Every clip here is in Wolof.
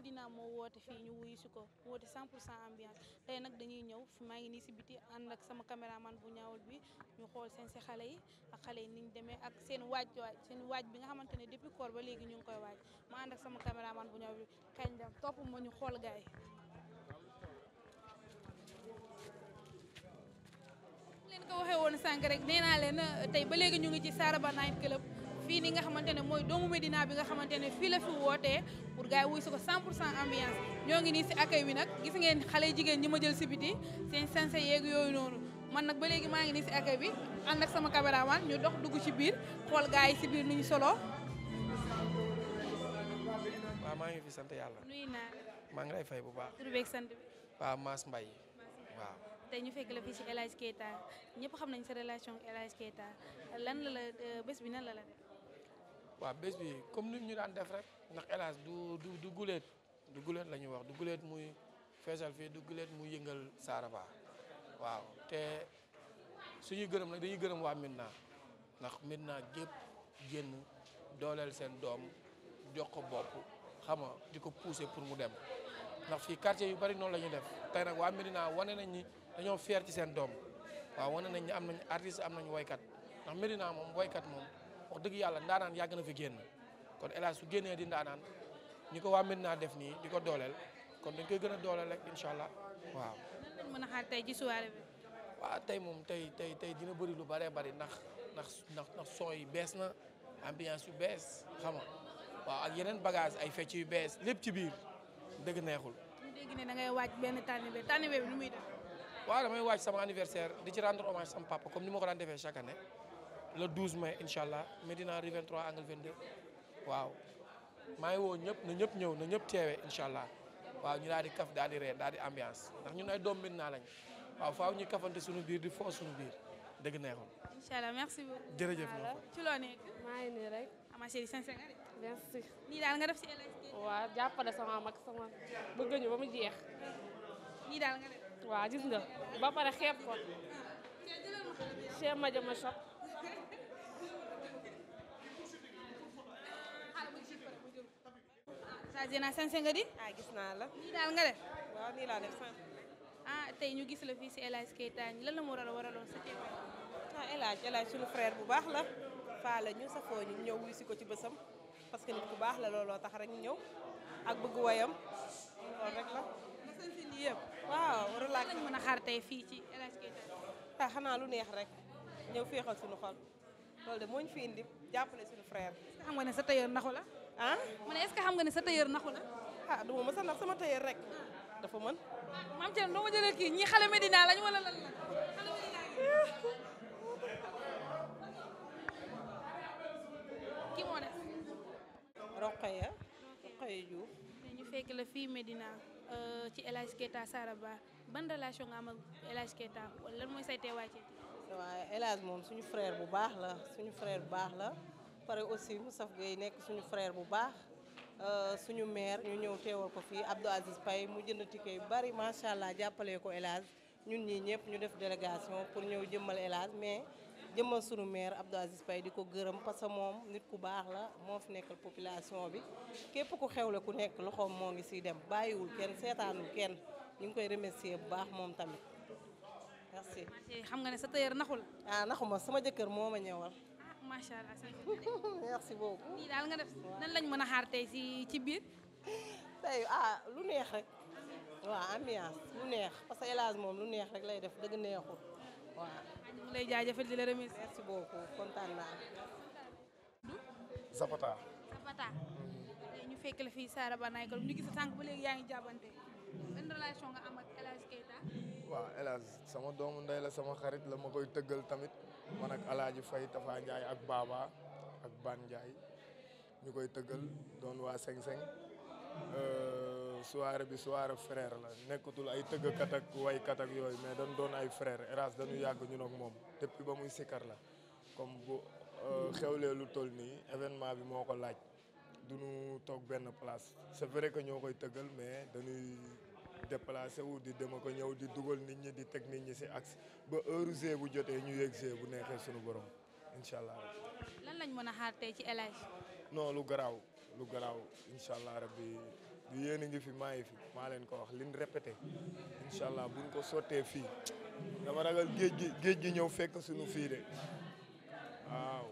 Médina moo woote fii ñu wuyu si ko woote 100 pour cent ambiance tey nag dañuy ñëw fi maa ngi nii si biti ànd ak sama man bu ñaawul bi ñu xool seen si xale yi ak xale yi niñ ñu demee ak seen waaj waaj seen waaj bi nga xamante ne depuis koor ba léegi ñu ngi koy waaj ma ànd ak sama caméraman bu ñaawul bi kañ dem topp ma ñu xool gaay leen ko waxee woon rek nee leen tey ba léegi ñu ngi ci Saraba Night Club fii ni nga xamante ne mooy doomu Medina bi nga xamante ne fii la fi wootee pour gars yi wuy si ko 100 pour cent ambiance ñoo ngi nii si accueil bi nag gis ngeen xale jigéen ñi ma jël si biti seen sense yeeg yooyu noonu man nag ba léegi maa ngi nii si accueil bi ànd ak sama caméraman ñu dox dugg ci biir xool gars yi si biir nu ñu solo. waaw maa ngi fi sant yàlla. nuyu naa maa ngi lay fay bu baax. tur beeg sant bi. waaw Mass Mbaye waaw. ñu fekk la fii ci El Hadj Keita ñëpp xam nañ sa relation El Hadj Keita lan la la euh, bés bi nan la la waa bés bi comme ni ñu daan def rek ndax hélas du du du guleet du guleet la ñuy wax du guleet muy feesal fii du guleet muy yëngal Saraba waaw te suñuy gërëm nag dañuy gërëm waa Medina ndax Medina gépp génn dooleel seen doom jox ko bopp xam nga di ko pousser pour mu dem ndax fii quartier yu bari noonu la ñuy def tey nag waa wane nañ ni dañoo fier ci seen doom waaw wane nañ am nañ artiste am nañu woykat ndax Medina moom woykat moom. wax dëgg yàlla ndaanaan yàgg na fi génn kon El su génnee di ndaanaan ñi ko waa Medina def nii di ko dooleel kon dañ koy gën a dooleel rek incha allah waaw. mën a xaar tey moom tey tey tey dina bëri lu bëree bari ndax ndax ndax ndax yi bees na ambiance yu bees xam waaw ak yeneen bagage ay fecc yu bees lépp ci biir dëgg neexul. ñu dégg ne da ngay waaj benn tànnibe tànnibe bi lu muy def. waaw damay waaj sama anniversaire di ci rendre hommage sama papa comme ni ma ko daan defee chaque année. le 12 mai incha allah Médina rue 23 angle 22 waaw maa ngi woo ñëpp ñëpp ñëw na ñëpp teewee allah waaw ñu daal di kaf daal di reer ambiance ndax ñun ay doom Médina lañ waaw faaw ñu kafante suñu biir di foo suñu biir dëgg neexul. incha merci beaucoup. jërëjëf ma nga def ci waaw jàppale sama mag sama bëgg ñu ba mu jeex. nii daal nga def. waaw gis nga ba pare xeeb ko. Ah. Cheikh Madiama Shop. saa Diena sañse nga di. ah gis naa la. nii daal nga def. waaw nii laa def sànq. ah tey ñu gis la fii si El la la mu war a waraloon sa teewaay. ah El Hadj El Hadj suñu frère bu baax la. faa ñu safoo ñu ñëw wuyu ko ci bësam parce que nit baax la looloo tax rek ñu ñëw ak bëgg wayam loolu rek la. ma a xaar tey fii ci El Hadj Keita. Ah, xanaa lu neex rek ñëw féexal suñu xol loolu de moo ñu jàpp indi jàppale suñu frère. xam nga ne sa tailleur naxu la. ah. ma ne xam nga ne sa tailleur naxu na ah du ma mës nax sama tailleur rek. dafa mën. maam Thierno doo ma kii ñii xale Medina lañ wala lan la kii moo def. Rokhaya. Rokhaya Diouf. ñu fekk la fii Medina euh, ci El Hadj Keita Saraba ban relation nga am ak El Hadj Keita lan mooy say teewaay ci. waaw moom suñu frère bu baax la suñu frère bu baax la. pare aussi Moustapha Gueye nekk suñu frère bu baax euh, suñu maire ñu ñëw teewal ko fii Abdou Aziz Paye mu jënd ticket yu bari macha allah jàppale ko El ñun ñii ñëpp ñu def délégation pour ñëw jëmmal El mais jëmmal suñu maire Abdou Aziz Paye di ko gërëm parce que moom nit ku baax la moo fi nekkal population bi képp ku xewle ku nekk loxoom moo ngi siy dem bàyyiwul kenn seetaanul kenn ñu ngi koy remercier bu baax moom tamit merci. xam nga ne sa tailleur naxul. ah naxuma sama jëkkër moo ma ñëwal. macha allah merci beaucoup. lii daal nga def nan lañ mën a xaar tey si ci biir. tey ah lu neex rek. waaw ambiance lu neex parce que El Hadj moom lu neex rek lay def dëgg neexul waaw. ñu ngi lay jaajëfal di la remercier. merci beaucoup kontaan naa. Zapata. Zapata. tey ñu fekk la fii Saraba Naykal ñu gis sànq ba léegi yaa ngi jàppante. waaw Elaz sama doomu ndey la sama xarit la ma koy tëggal tamit man ak Alaaji Fay Tafa Ndiaye ak baaba ak Ban Ndiaye ñu koy tëggal doon waa seng-seng euh, soirée bi soirée frère la nekkatul ay tëggkat ak waykat ak yooyu mais dañ doon ay frère Elaz dañu yàgg ñun ak moom depuis ba muy sikkar la comme bu euh, xewlee lu toll nii événement bi moo ko laaj duñu toog benn place c'est vrai que ñoo koy tëggal mais dañuy déplacé wu di dem ko ñëw di dugal nit ñi di teg nit ñi si axe ba heure G bu jotee ñu yegg G bu neexee suñu borom incha allah. lan lañ mën a xaar tey ci El Hadj. lu garaaw lu garaaw incha allah rabbi du yéen a ngi fi maa ngi fi maa leen ko wax liñ répété incha allah buñ ko sottee fii dama ragal géej gi géej gi ñëw fekk suñu fii de waaw.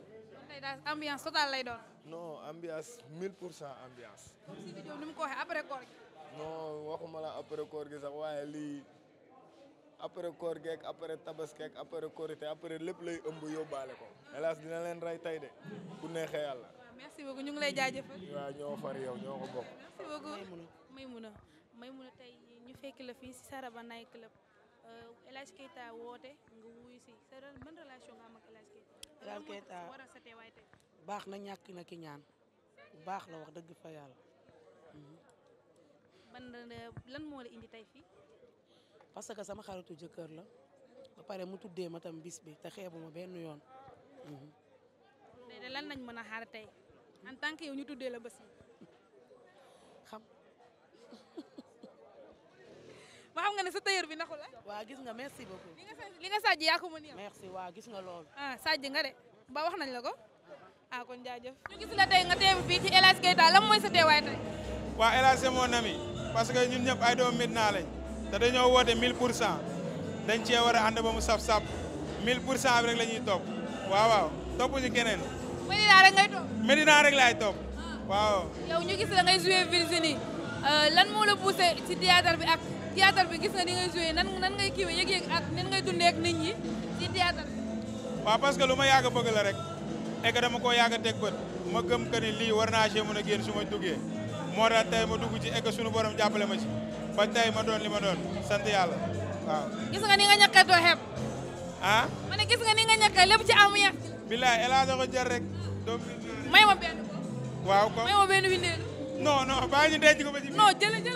daal ambiance totale lay doon. non ambiance 1000 pour cent ambiance. non waxuma la après koor gi sax waaye lii après koor geek après tabaski ak après korité après lépp lay ëmb yóbbaale ko hélas dina leen rey tey de bu neexee yàlla. merci beaucoup ñu ngi lay jaajëfal. waaw ñoo far yow ñoo ko bokk. merci beaucoup Maymuna Maymuna tey ñu fekk la fii si Saraba Night Club euh, El Hadj Keita woote nga wuyu si ban relation nga am ak El Hadj Keita. baax na ñàkk na ki ñaan baax la wax dëgg fa yàlla. ban lan moo la indi tey fii. parce que sama xaritu jëkkër la ba pare mu tuddee matam bisbi bis bi te xeebu ma benn yoon. Mhm. léegi lan lañ mën a xaar tey en tant que yow ñu tuddee la basi bi. xam. ba xam nga ne sa tailleur bi naxu la. waa gis nga merci beaucoup. li nga sa li nga Sadji yaa ko mën yow. merci waa gis nga loolu. Ah, nga de ba wax nañ la ko. ah kon jaajëf. la tey sa teewaay tey. waa El Hadj c'est mon parce que ñun ñëpp ay doomu Médina lañ te dañoo woote 1000 pour cent dañ cee war a ànd ba mu saf-saf 1000 pour cent bi rek la ñuy topp waaw waaw toppuñu keneen. rek ngay topp. Médina rek laay topp ah. waaw. yow ñu gis la ngay joué Virginie euh, lan moo la ci théâtre bi ak théâtre bi gis nga ni ngay joué nan ngay kiiwee yëg-yëg ak nan ngay dundee ak ñi ci théâtre bi. waaw que lu ma yàgg a bëgg la rek et que dama koo yàgg a teg ma gëm que ni war naa moo tax tey ma dugg ci egg suñu borom jàppale ma ci ba ma doon li ma doon sant yàlla gis nga ni nga ñàkkee doo xeeb. ah. ma gis nga ni nga ñàkkee lépp ci amu ya. bilaay El ko jël rek. doom may ma benn waaw ko may ma benn windeel. non non baa ñu denc ko ba ci biir. non jëlee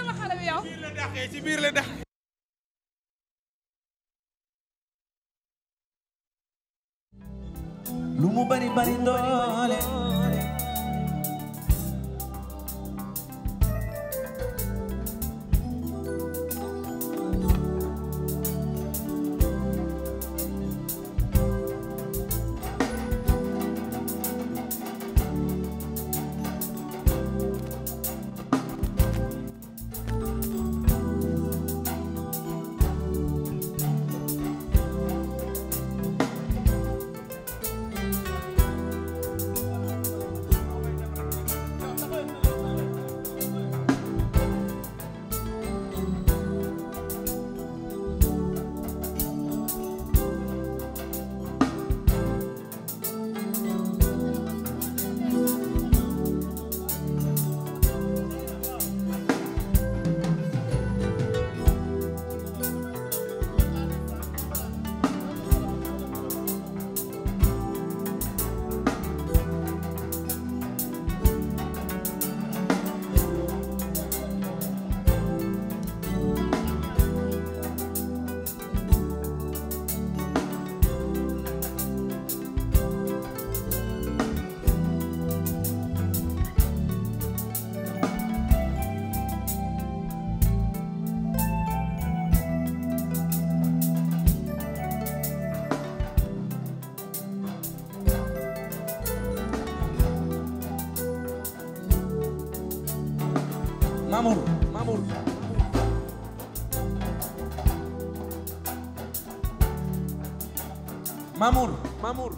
Mamur. Mamur.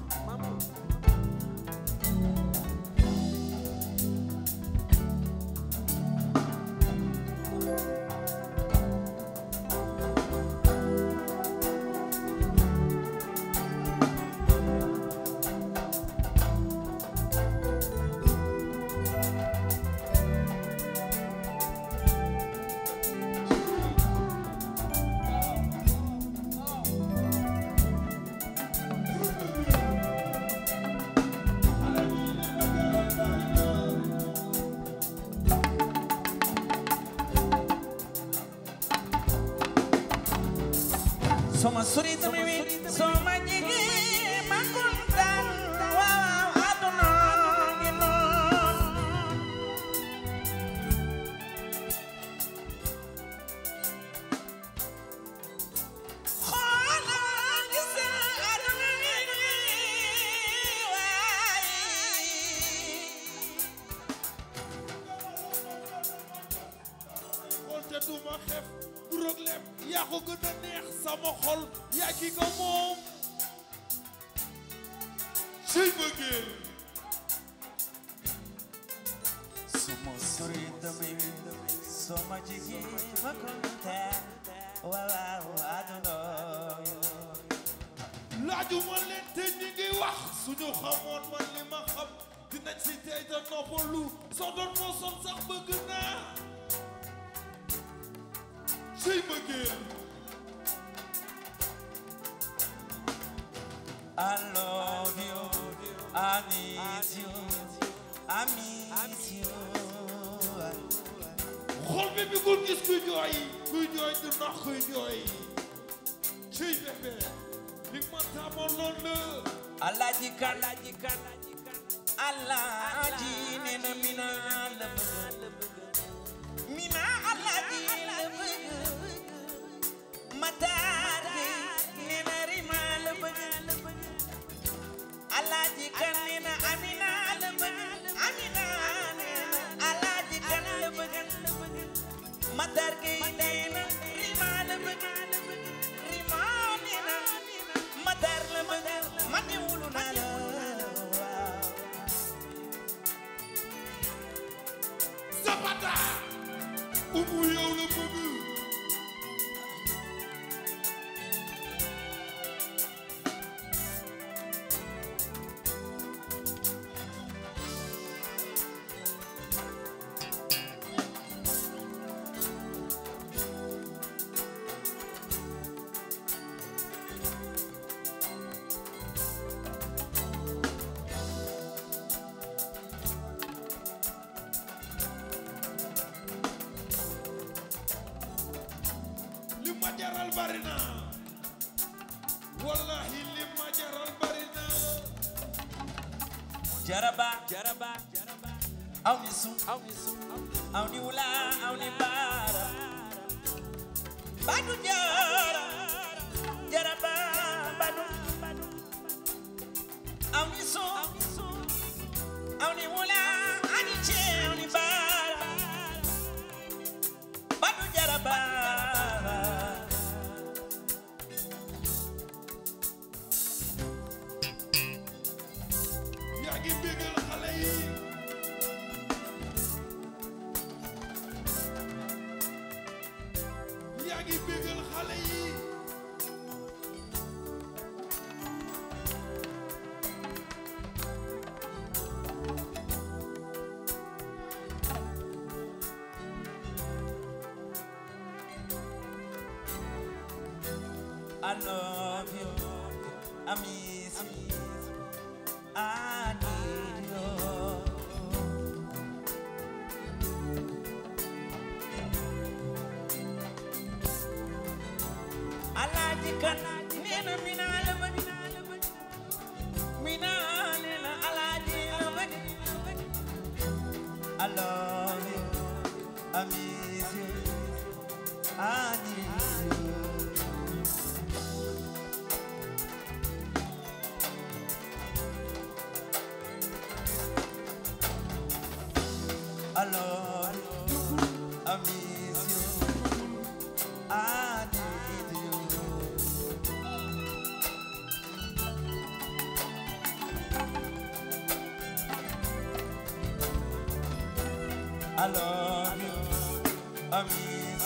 alors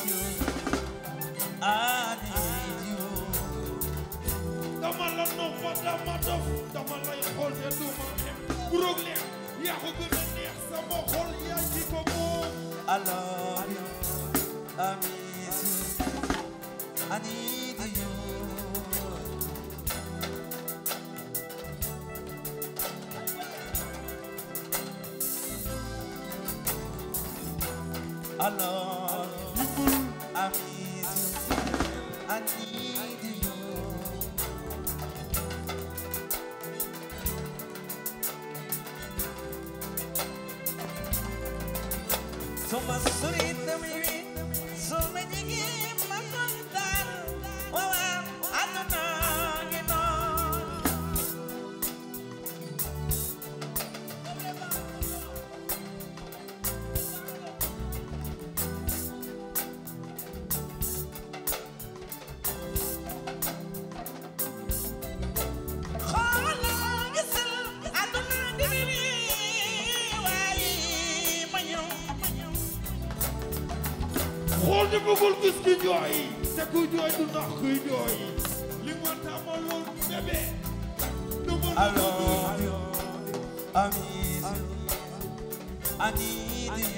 you. bëggul gis ki jooy te ku jooy du nax kuy jooy li nga tàmmaloon bébé alors ami I need you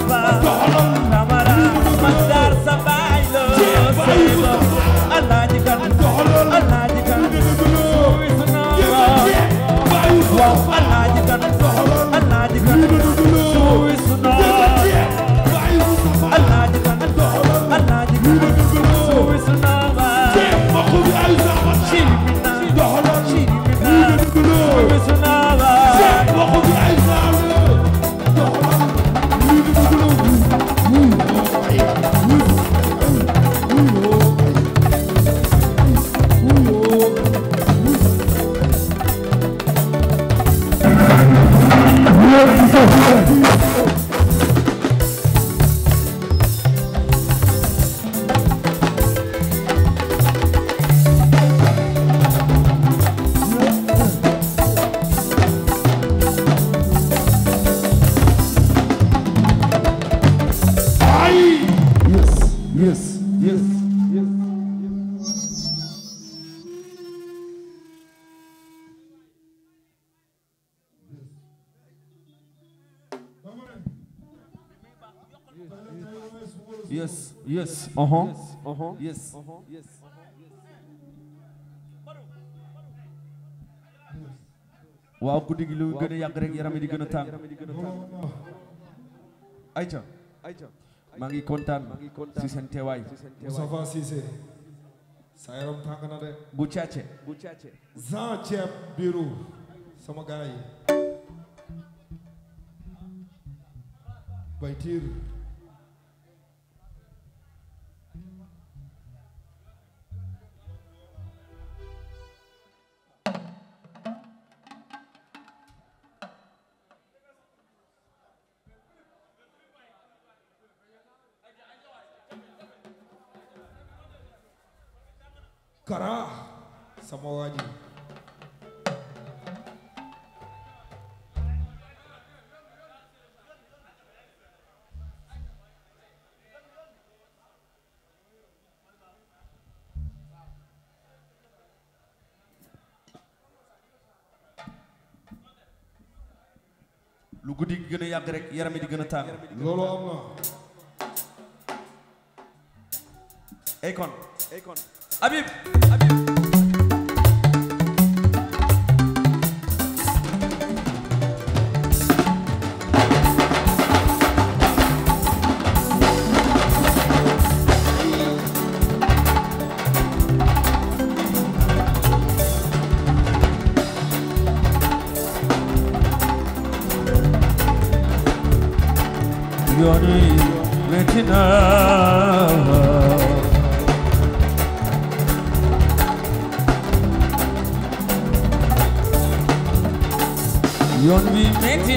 papa Yes. Uh-huh. Yes. waaw guddi gi lu gën a yàgg rek yaram yi di gën a tàng. Aïcha. maa ngi kontaan si seen teewaay. Moustapha Cissé. sa yaram tàng na de. bu caace. bu caace. Jean Thiep Biru sama gars yi. Baytiir. kara sama lu guddi gi gën a yàgg rek yaram yi di gën a tàng loolu am na ay kon Habib Habib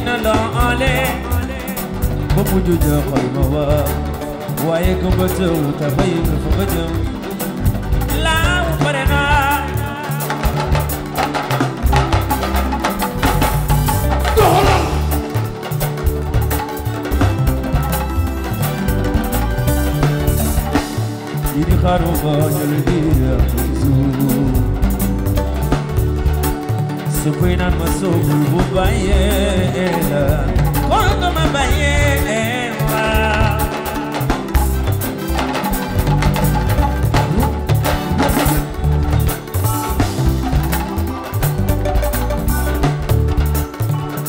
na la ale ba mujj jaaxal ma waa waaye gëmba tëw te bàyyi nga fa nga jëm laaw pare naa doxalal yi di sukuy naan ma soobu bu bàyyee la kon ko ma bàyyee waaw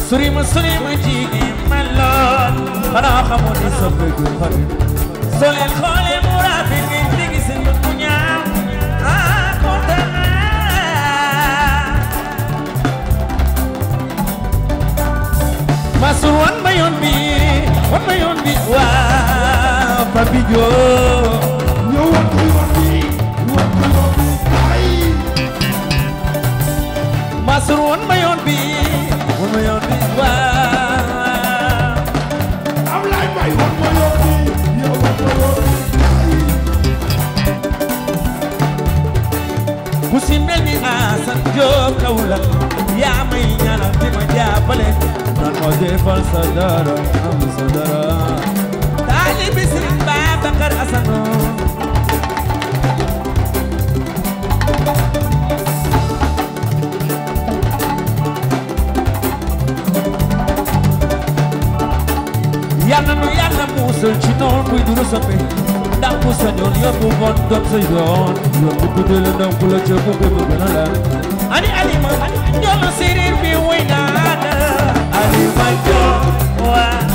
suri ma suri ma jigéen ma lool xanaa xamoon ni soppe gu xarit soo leen xool Mansour wan ma yoon bi wan ma yoon bi waaw Papi Diop ñëw wan ma yoon bi wan ma yoon bi ay Mansour wan ma yoon bi wan ma yoon bi وظيفة الصدارة أم صدارة طالب سن بابكر أسنو yàlla nu yàlla muusal ci noon buy duru soppi ndax bu sañoon yóbbu ngoon doom sa la ndaw bu la jëf bu gën a la ani alima yoonu séeréer bi wuy naa my God. Wow.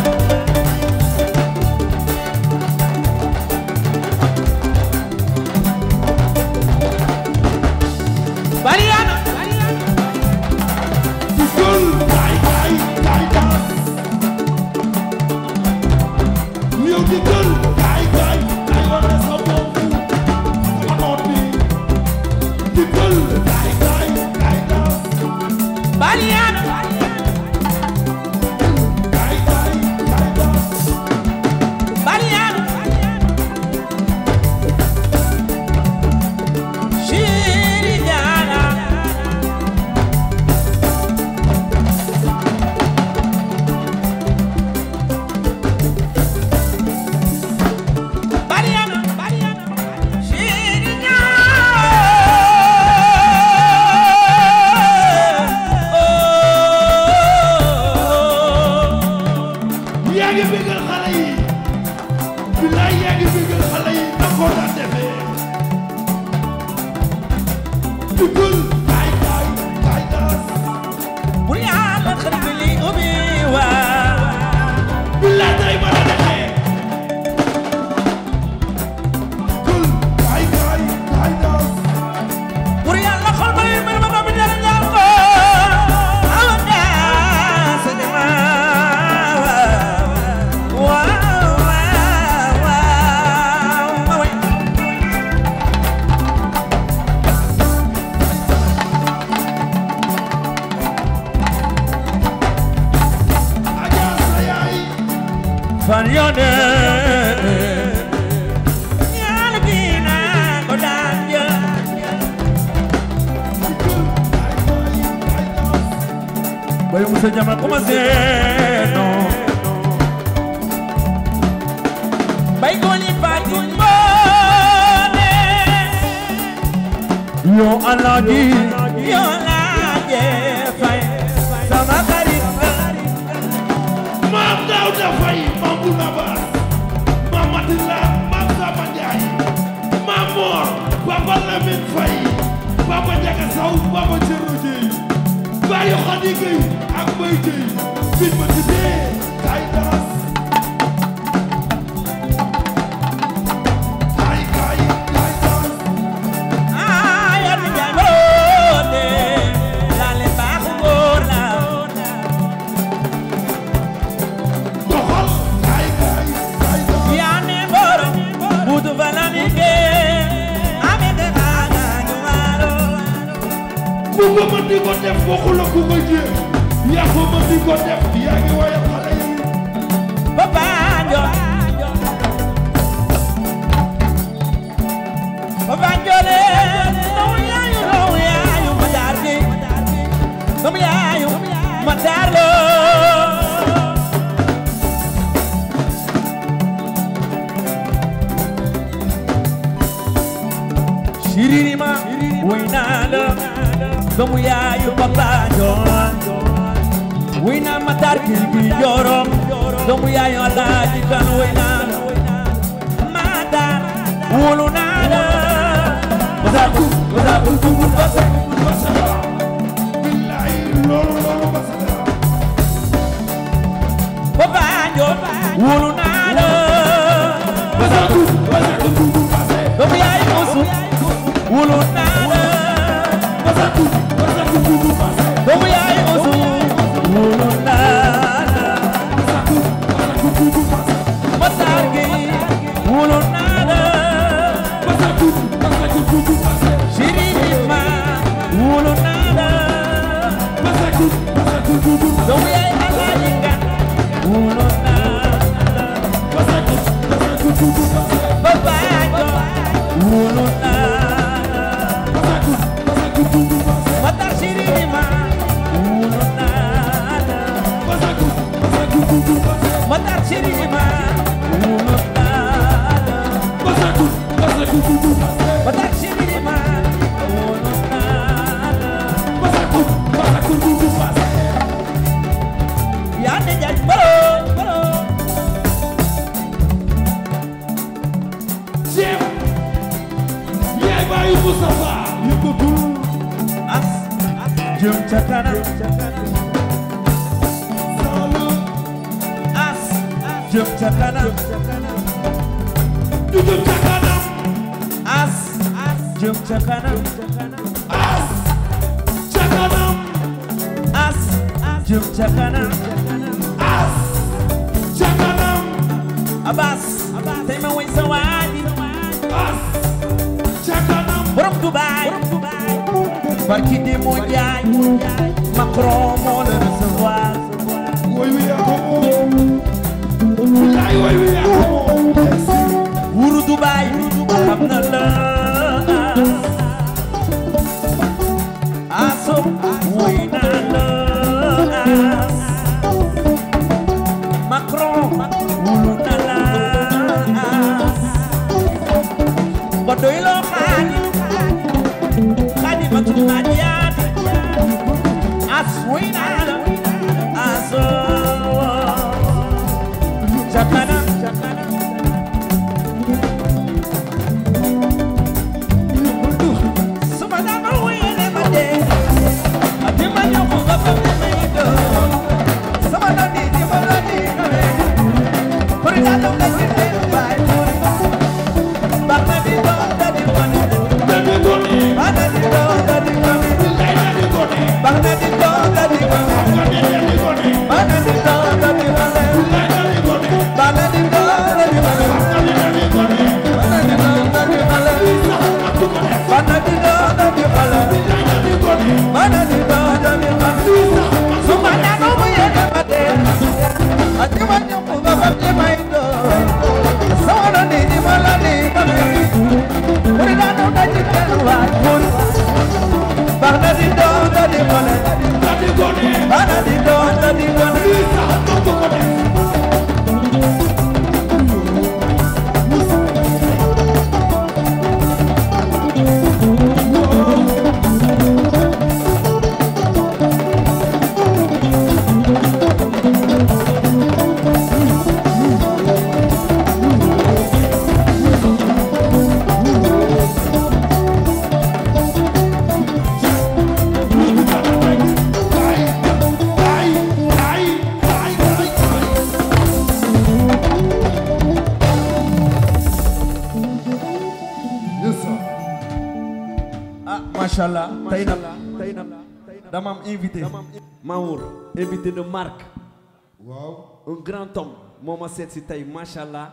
ma seet si tey macha allah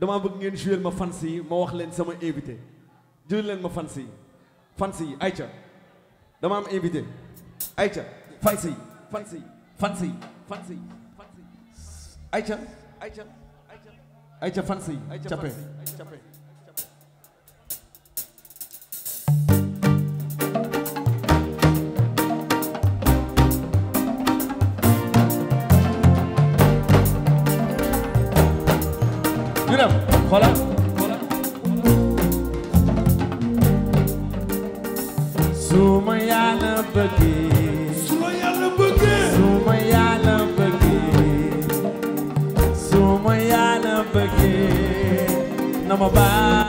damaa bëgg ngeen jouer ma fans yi ma wax leen sama invité jël leen ma fans yi fans yi ayca dama am invité ayca fans yi fans yi fans yi fans yi ayca ayca ayca fans yi cappe bëggee su ma yàlla bëggee su ma yàlla bëggee su ma yàlla bëggee na ma baal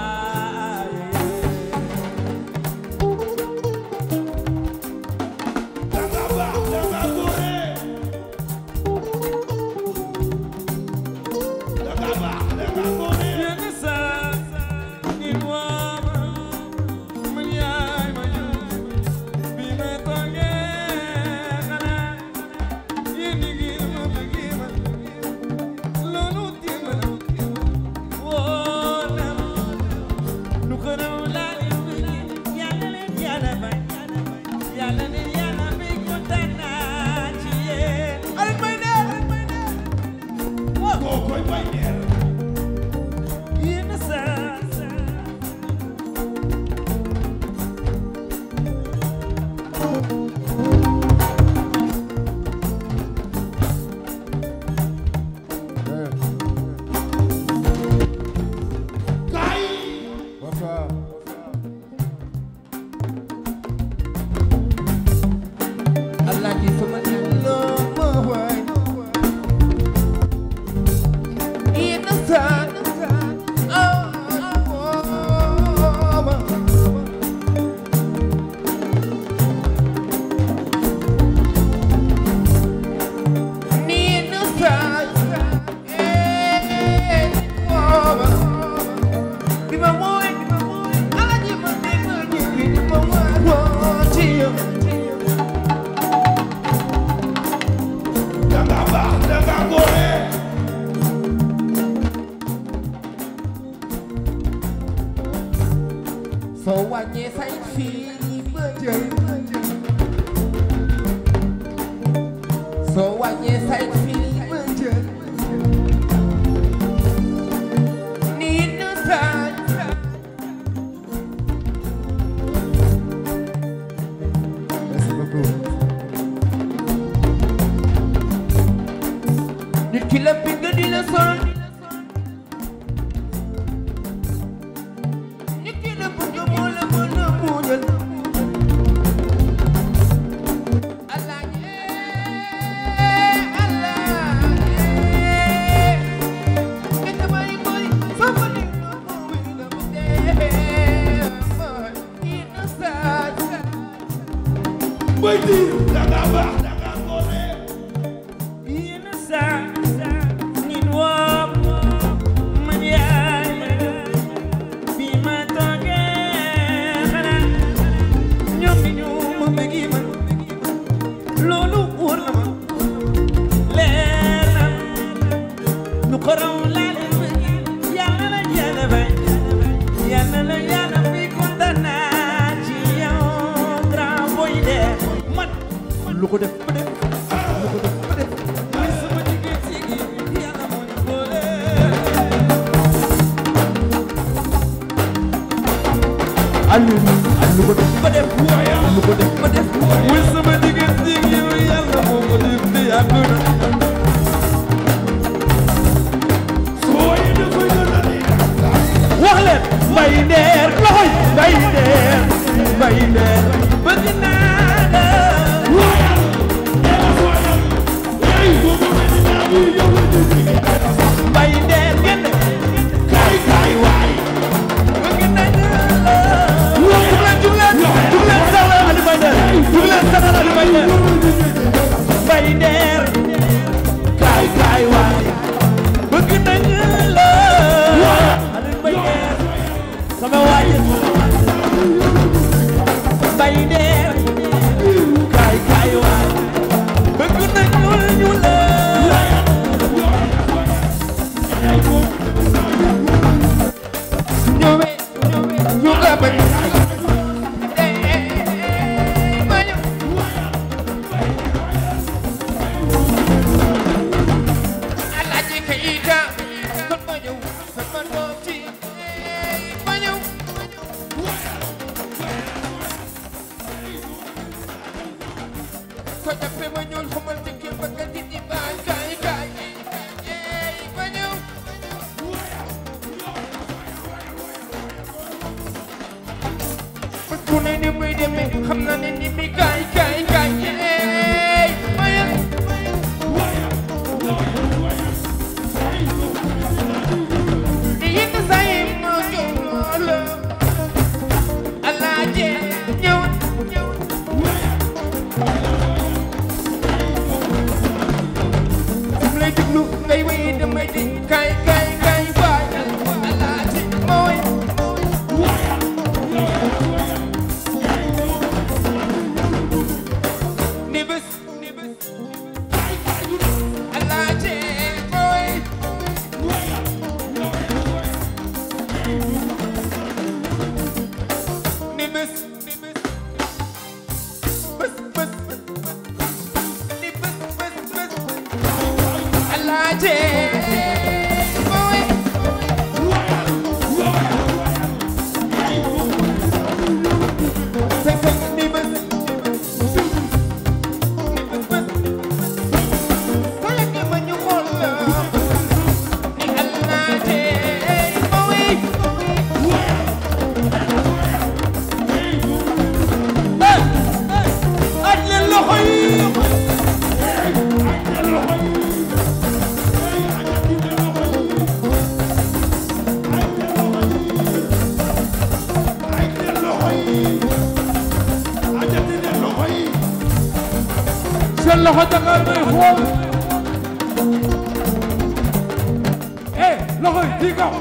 eh loxo yi ci kaw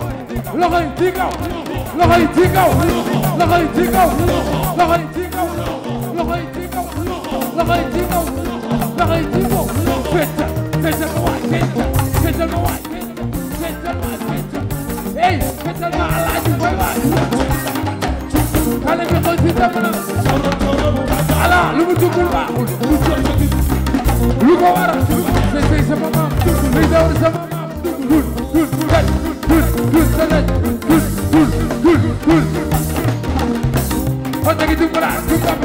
loxo yi ci kaw loxo yi ci kaw loxo yi ci kaw loxo yi ci kaw loxo yi ci kaw loxo yi ci kaw loxo yi ci kaw fecca fecca ma waay fecca fecca ma waay fecca ma fecca eh fecca ma alaaji boy waay xale bi xool ci def na ala lu mu duggul baaxul lu ko waral say sama maam luy dawal sama maam dul dul dul dul sanaj dul dul dul dul hon tagi dumbala dumbala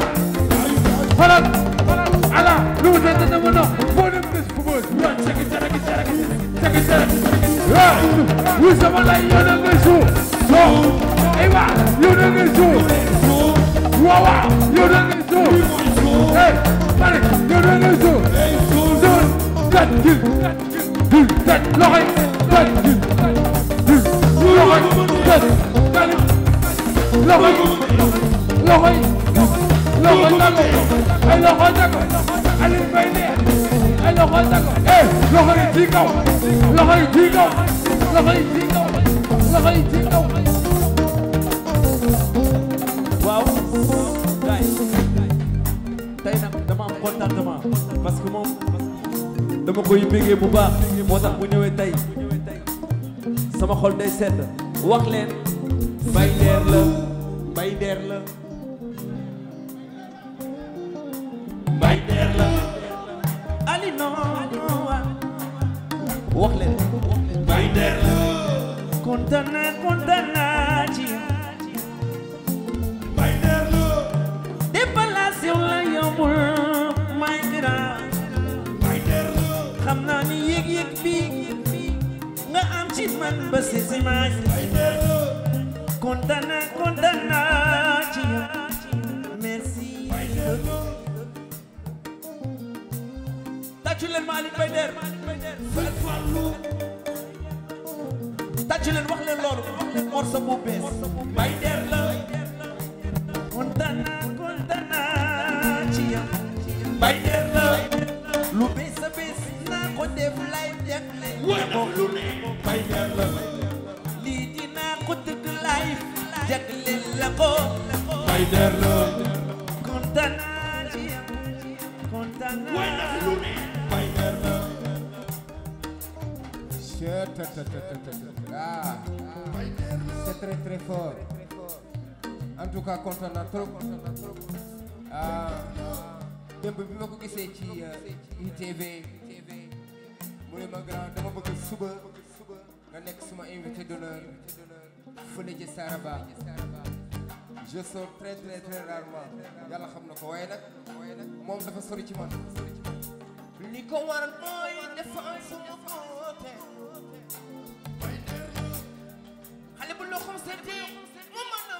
xolal ala lu mu tete dama no boo dem des fu boos wan segi saragi saragi segi saragi wu sama lay yonal ngay suuf soo ay waa yonal ngay suuf waaw waaw yonal ngay suuf hey mari yonal ngay tëj gi bul tëj loxo yi tëj gi bul loxo yi tëj loxo yi loxo yi loxo dago ay loxo dago Aliou Mbaye nee ay loxo dago eh loxo yi ci kaw loxo yi ci kaw loxo yi ci kaw loxo yi ci kaw koy bëggee bu baax moo tax bu ñëwee tey sama xol day sedd wax leen mbay deer la mbay ko def lay jagle lu ne bay yàlla lii dinaa ko tëdd lay jagle la ko bay yàlla kontaan naa ci kontaan naa lu ne bay yàlla ah. c'est très très fort en tout cas kontaan naa trop ah. démb bi ma ko gisee ci euh, ITV mu ne ma grand dama bëgg suba nga nekk suma invité d'honneur fële ci Saraba je sors très très très rarement yàlla na ko waaye nag moom dafa sori ci man li ko waral mooy dafa am suma côté xale bu loxoom seeti mu mën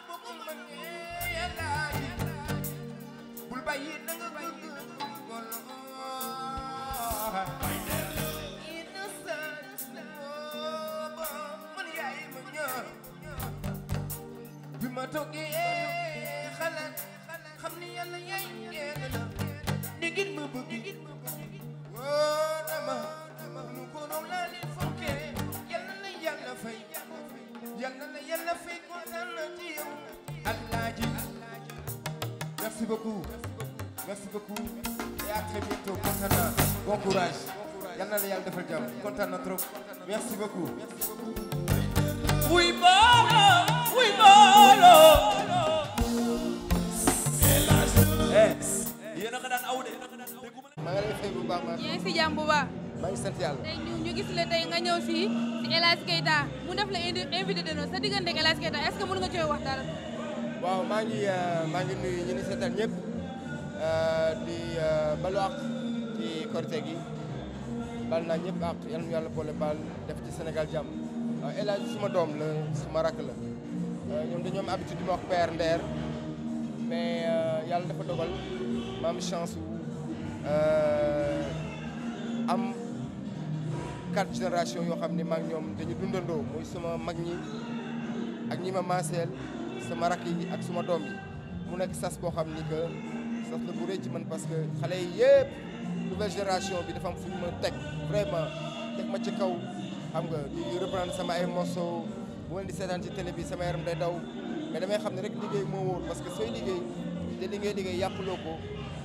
a bi ma toogee xalaat xam ni yàlla yaay ñeen na yàlla la yàlla fay yàlla la yàlla fay ko naan la ci yàlla la yàlla defal jàmm kontaan na trop Eh, yaa ngi si jàmm bu maa ngi sant yàlla. tey ñu ñu gis la tey nga ñëw fii si El Hadj Keita mu def la indi sa diggante ak El Hadj nga cooy wax dara. waaw maa ngi euh, maa ngi nuyu ñi ni seetaan euh, di euh, balu àq ci korite yal na yàlla boole baal def ci Sénégal jàmm. Euh, El Hadj suma doom la suma rakk la euh, ñoom dañoo am habitude ma wax père euh, yàlla dafa dogal ma chance am quatre génération yoo xam ne ma ak ñoom dañu dundandoo muy suma mag ñi ak ñi ma maaseel sama rakk yi ak suma doom yi ku nekk sas koo xam ni que sas la bu man parce que xale yi yëpp nouvelle génération bi dafa am fu ma teg vraiment teg ma ci kaw. xam nga di reprendre sama ay morceaux bu ma leen di seetaan ci télé bi sama yaram day daw mais damay xam ne rek liggéey moo wóor parce que sooy liggéey te li ngay liggéey yàquloo ko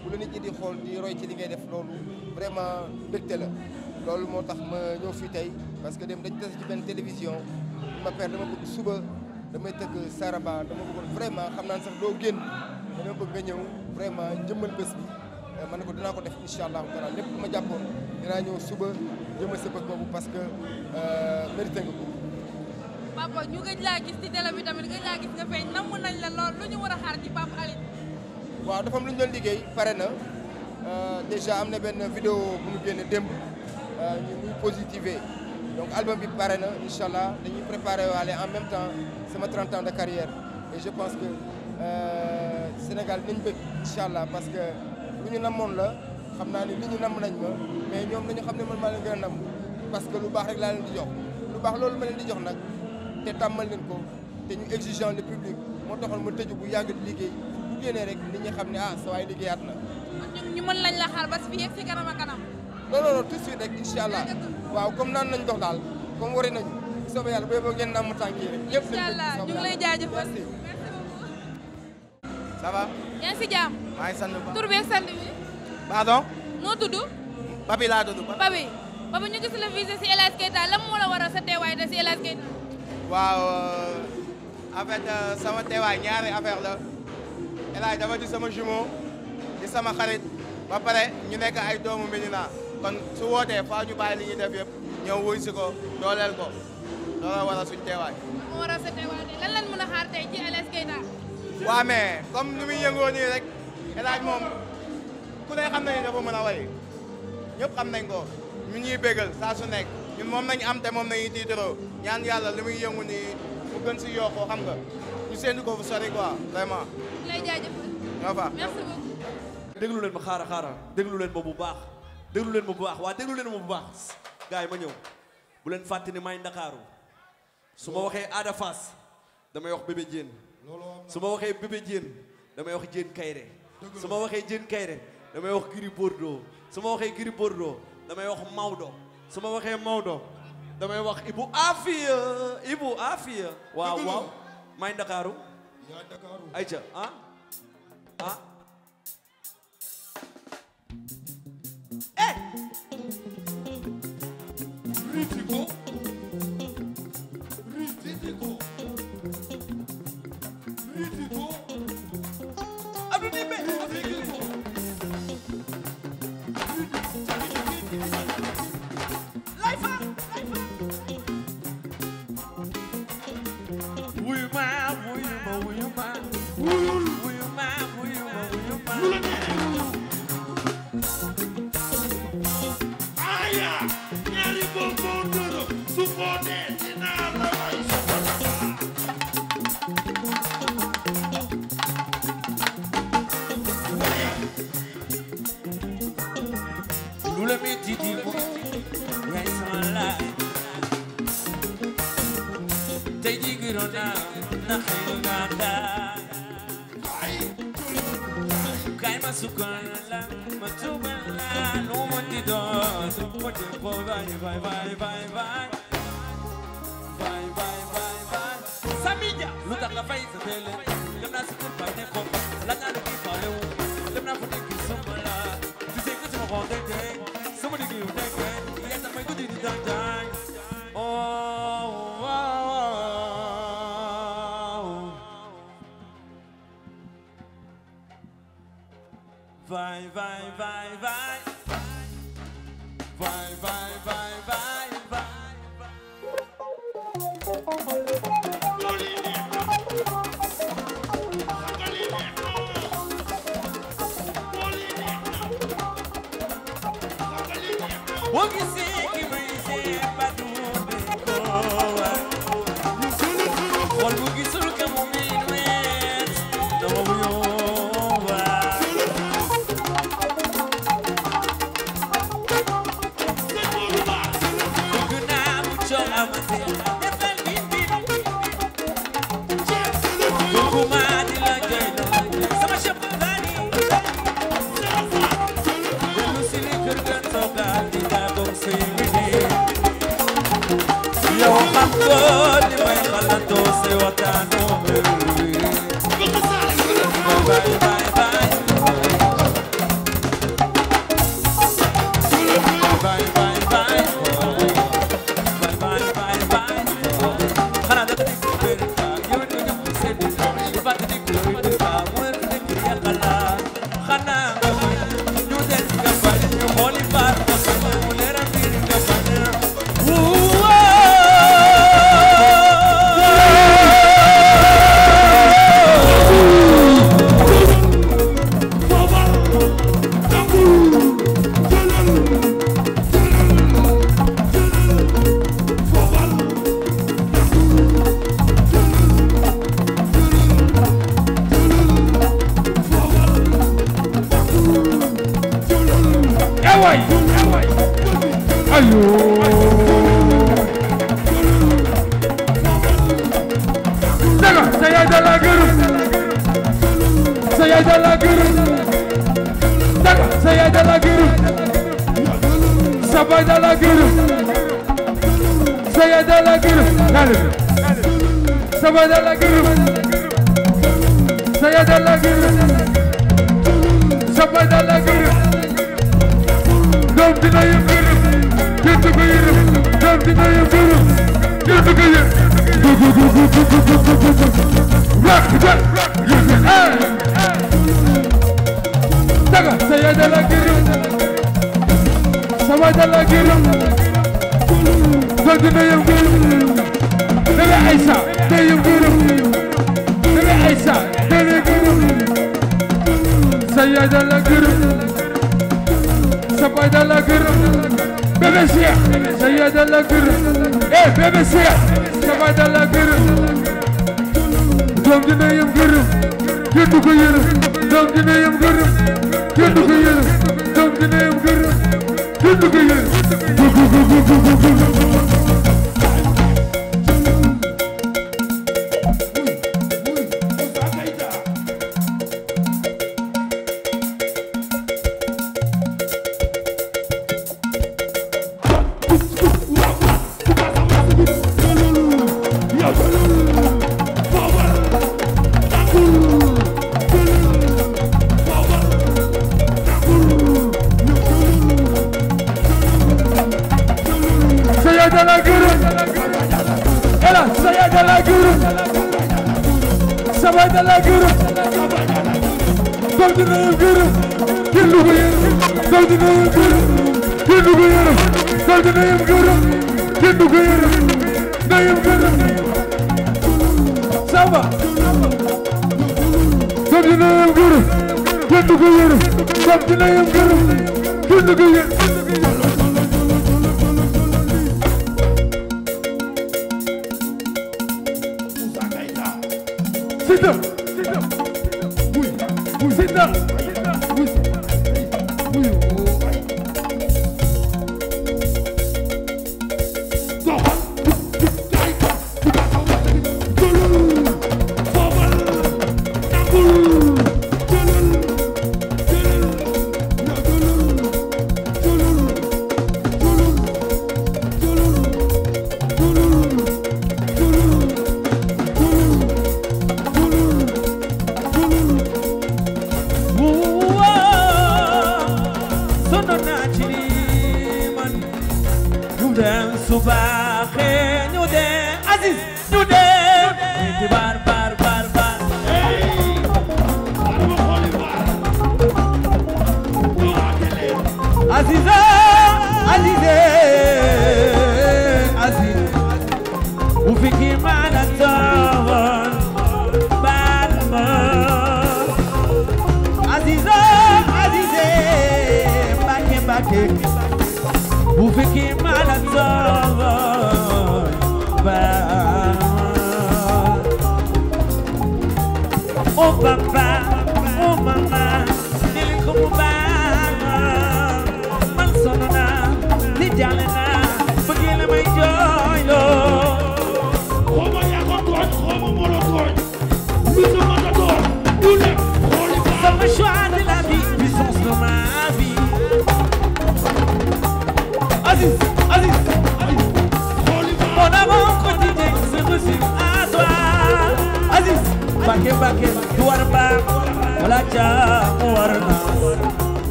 bu la ne ñi di xool di roy ci li def loolu vraiment mbégte la. loolu moo tax ma ñëw fii tey parce que dem dañu tase ci benn télévision ma père dama bëgg suba damay tëgg Saraba dama bëggoon vraiment xam naa sax doo génn dama bëgg nga ñëw vraiment jëmmal bés bi euh, ma ne ko dinaa ko def incha allah lépp ma jàppoon dinaa ñëw suba. jëmal sa bés boobu parce que euh, mérité nga ko. papa ñu gëj laa gis ci télé tamit gëj laa gis nga feeñ namm nañ la lool ñu war a xaar ci Pape Alé. waaw dafa lu ñu doon liggéey pare na euh, déjà am na benn vidéo bu ñu génne démb euh, ñu muy donc album bi bare na incha allah dañuy préparer waale en même temps sama 30 ans de carrière et je pense que Sénégal nañ bëgg incha allah parce que lu ñu namoon la. xam naa ni li ñu namm nañ ma mais ñoom nañu xam ne man maa leen gën parce que lu baax rek laa leen di jox lu baax loolu ma leen di jox nag te tàmmal leen ko te ñu exigeant le public moo taxoon ma tëju bu yàgg di liggéey bu génnee rek nit ñu xam ne a ah, sa waay liggéeyaat na. ñu mën lañ la xaar ba si yegg si kanam a kanam. non non non tout rek incha allah waaw comme naan nañ dox daal kom wari nañu soobee yàlla booy boog ngeen namm tànk yi rek. yëpp incha allah ñu ngi lay jaajëfal merci. si jàmm. pardon. noo tudd. Papi laa tudd. Papi Papi ñu gis la visé si El Hadj Keita lan moo sa teewaay da si El Hadj Keita. waaw euh, euh, sama teewaay ñaari affaire la El dafa jumeau di sama xarit ba pare ñu nekk ay doomu Médina kon su wootee faa ñu bàyyi li ñuy wuy si ko dooleel ko looloo waral suñu teewaay. moo waral sa teewaay lan lan mën a xaar tey ci El waa mais comme ni muy yëngoo rek El moom. ku ne xam nañu dafa mën a way ñëpp xam nañ ko ñu ñuy bégal saa su nekk ñun nañu am te moom nañuy tiitaroo ñaan yàlla li muy yëngu nii si yokkoo xam nga ñu séntu ko fu sori vraiment. lay jaajëfal. nga déglu leen ma xaara xaara déglu ma bu baax déglu leen ma bu baax waa déglu leen ma bu baax gars yi ma ñëw bu leen fàtte ni maay Ndakaaru su ma waxee Ada Fass damay wax bébé Diène su ma waxee bébé Diène damay wax Diène Kayré su ma waxee jën kayre damay wax Gris Bordeaux su ma waxee Gris doo damay wax Maodo su ma waxee Maodo damay wax ibu Afia Ibou Afia waaw may Ndakaaru yaa Ndakaaru ah ah ذكرنا نحن نعتاد كلمة سكر لما تبلى نوم النداس وجه باي باي باي باي باي باي باي باي باي سامية لو تغلى فايزة تلك لما سكر باي نفوق vai, bébé Cheikh, Seyda la gërëm, eh bébé Cheikh, Seyda la gërëm doom ji ndeyam gërëm kenn du ko yërëm doom ji ndeyam gërëm kenn du ko yërëm doom ji ndeyam gërëm kenn du ko yërëm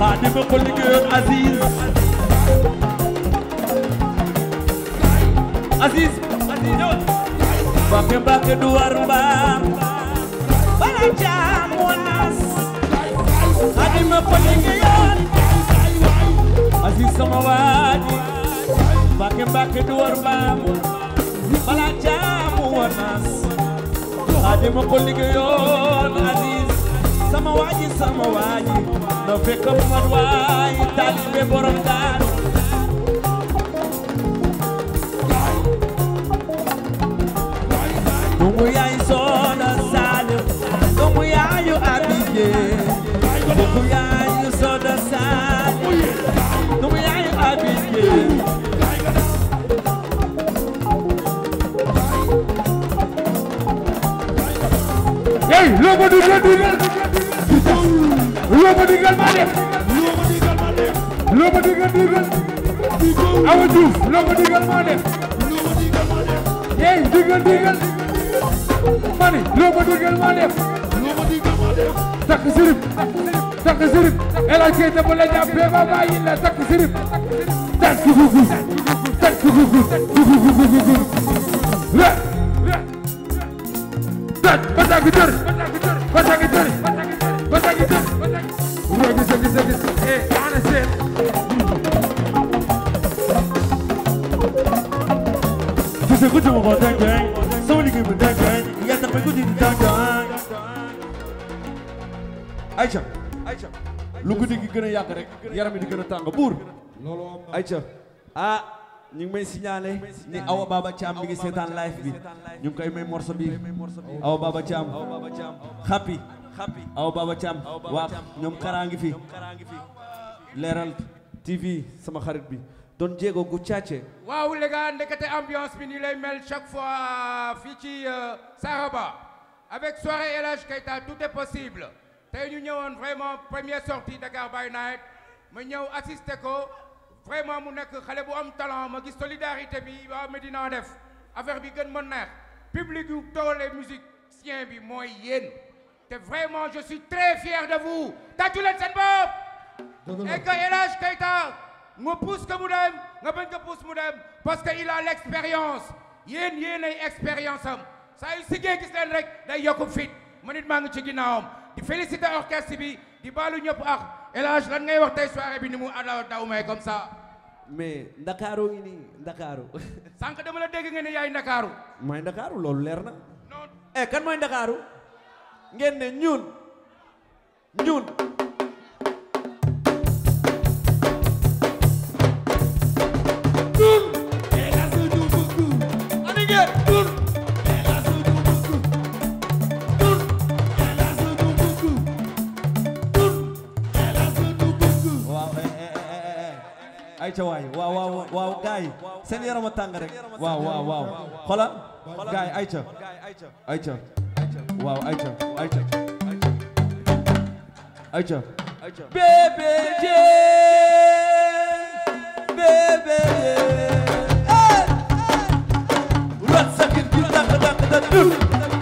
xaadima ko liggéeyoon Aziz Aziz Mbàkke Mbàkke du war mbaam bala jaam wanas xaadima ko liggéeyoon Aziz sama waaji Mbàkke Mbàkke du war mbaam bala jaam wanas xaadima ko liggéeyoon Aziz sama waaji sama waaji na fekk mu man waay taalibe borom daanu dungu yaay soona saane dungu yaayu abije dungu yaayu soona saane dungu yaayu abije Hey, lobo di lobo di loo ma digal ma def loo ma digal ma def loo ma yeey digal digal ma ni loo ma digal ma takk sirip takk sirip El Hadj Keita bu la jàppee ba bàyyi la takk sirip takk gugu takk gugu gugu gugu takk ba takk jër yàgg rek yaram yi di gën a tàng buur loolu ayca ah ñu ngi may signalé ni Awa Baba Thiam mi ngi seetaan live bi ñu ngi koy may morso bi Awa Baba Thiam xappi Awa Baba Thiam waa ñoom karaa ngi fi leeral TV sama xarit bi doon jéego gu caace waaw les gars ndekete ambiance bi ni lay mel chaque fois fii ci euh, Saraba avec soirée El Hadj Keita tout est possible tey ñu ñëwoon vraiment première sortie Dakar by night ma ñëw assister ko vraiment mu nekk xale bu am talent ma gis solidarité bi waa Medina def affaire bi gën ma neex public yu toole sien bi mooy yéen te vraiment je suis très fier de vous tàccu leen seen bopp et que El Hadj Keita nga pousse que mu dem nga bañ ko pousse mu dem parce que il a l'expérience yéen yéen ay expérience am saa yu siggee gis leen rek day yokku fit man it maa ngi ci ginnaawam di félicité orchestre bi di baalu ñëpp ak El Hadj lan ngay wax tey soirée bi ni mu ala daw may comme ça. mais ndakaaru ngi nii ndakaaru. sànq dama la dégg nga ne yaay ndakaaru. maay ndakaaru loolu leer na. non eh, kan mooy ndakaaru. ngeen ne ñun ñun. ca waay waaw waaw waaw gaay seen yaram a tàng rek waaw waaw waaw xola gaay ayca ayca waaw ayca ayca ayca bébé jéen bébé jéen rat sakit ji tàng tàng tàng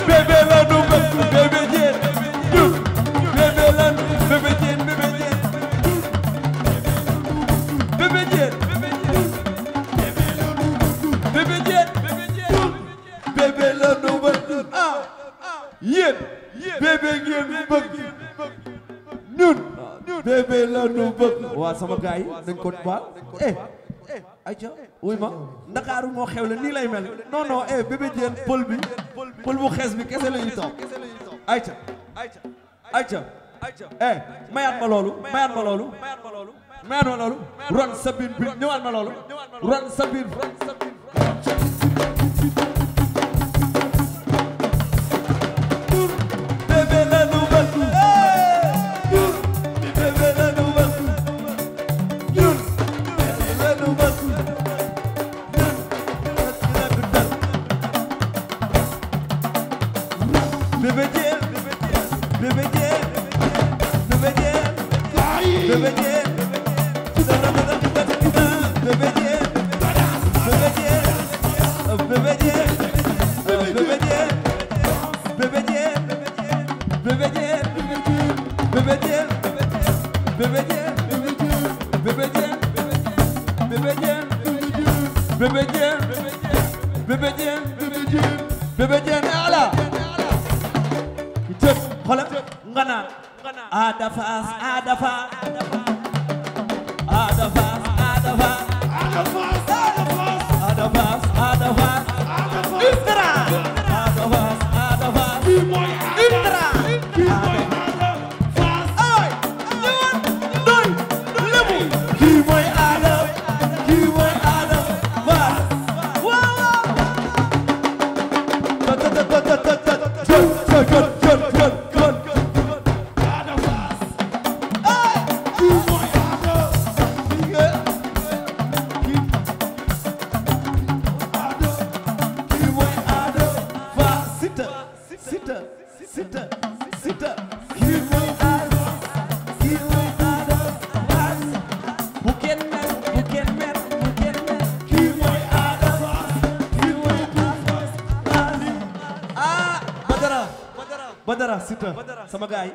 bébé la nu bëgg bébé jéen yéen bébé ngeen bëgg ñun bébé la nu bëgg waa sama gaay nañ ko baal eh, eh ayca wuy ma ndakaaru moo xew la nii lay mel non non eh bébé Diène pël bi pël bu xees bi kese la ñuy toog ayca ayca eh mayaat ma loolu mayaat ma loolu mayaat ma loolu ron sabine bi ñëwaat ma loolu ron sabine Siteu sama gaay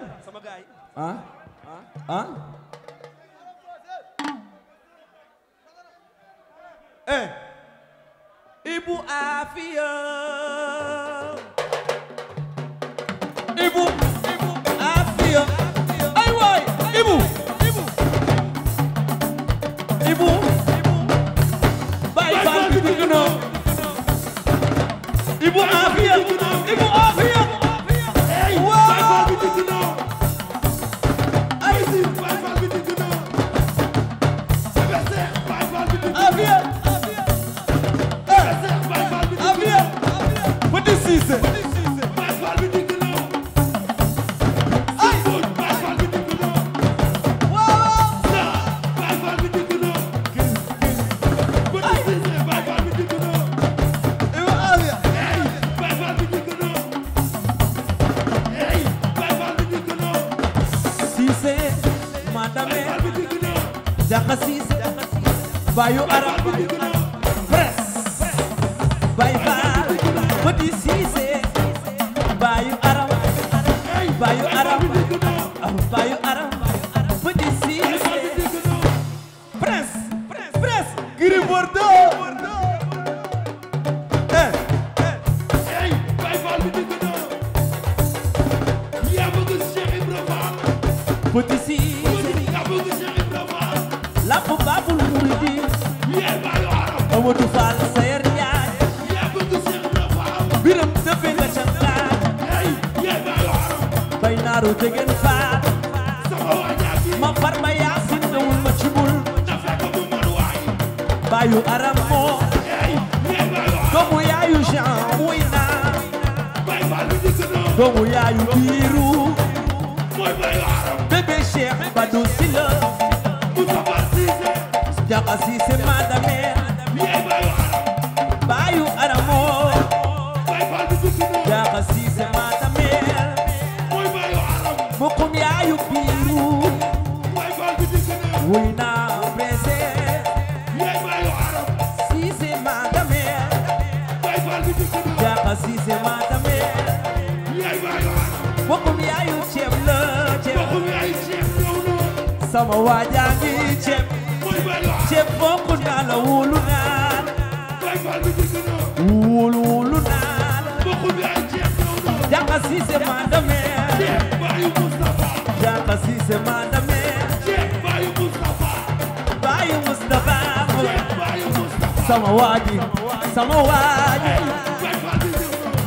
sama waaj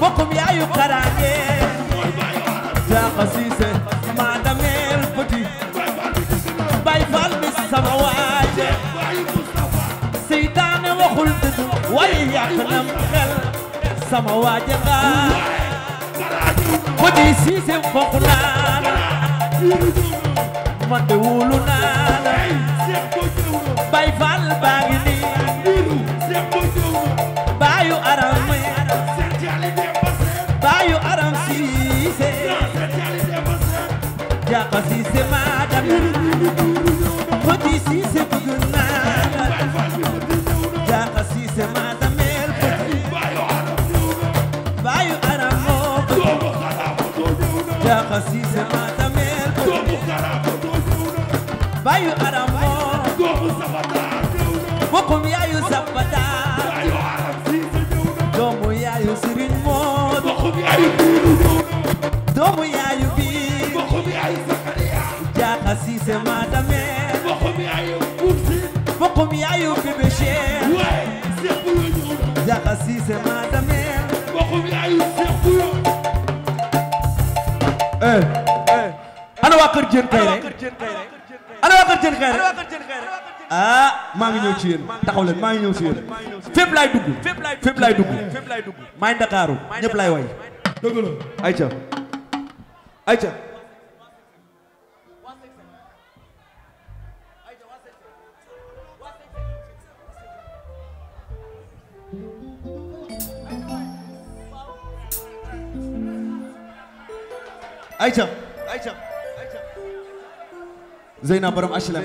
bokkum yaayu karange jaaxa siise maa dameel petit bay bi sama waaj seytaane waxul dëgg waaye yàq xel sama waaj nga ko di siise fokk naa man Moodu Sambata doomu yaayu Sëriñ Moodu doomu yaayu biir jaaxa siise maatame bokum yaayu bébé Cheikh jaaxa siise maatame bokum yaayu Cheikh Bouyo eh eh ana waa kër Diène Kairé ana waa kër Diène Kairé ah maa ngi ñëw ci yéen taxaw maa ngi ñëw ci yéen fépp laay dugg fépp laay dugg maay Ndakaaru ñëpp laay way dëgg la ayca ayca borom HLM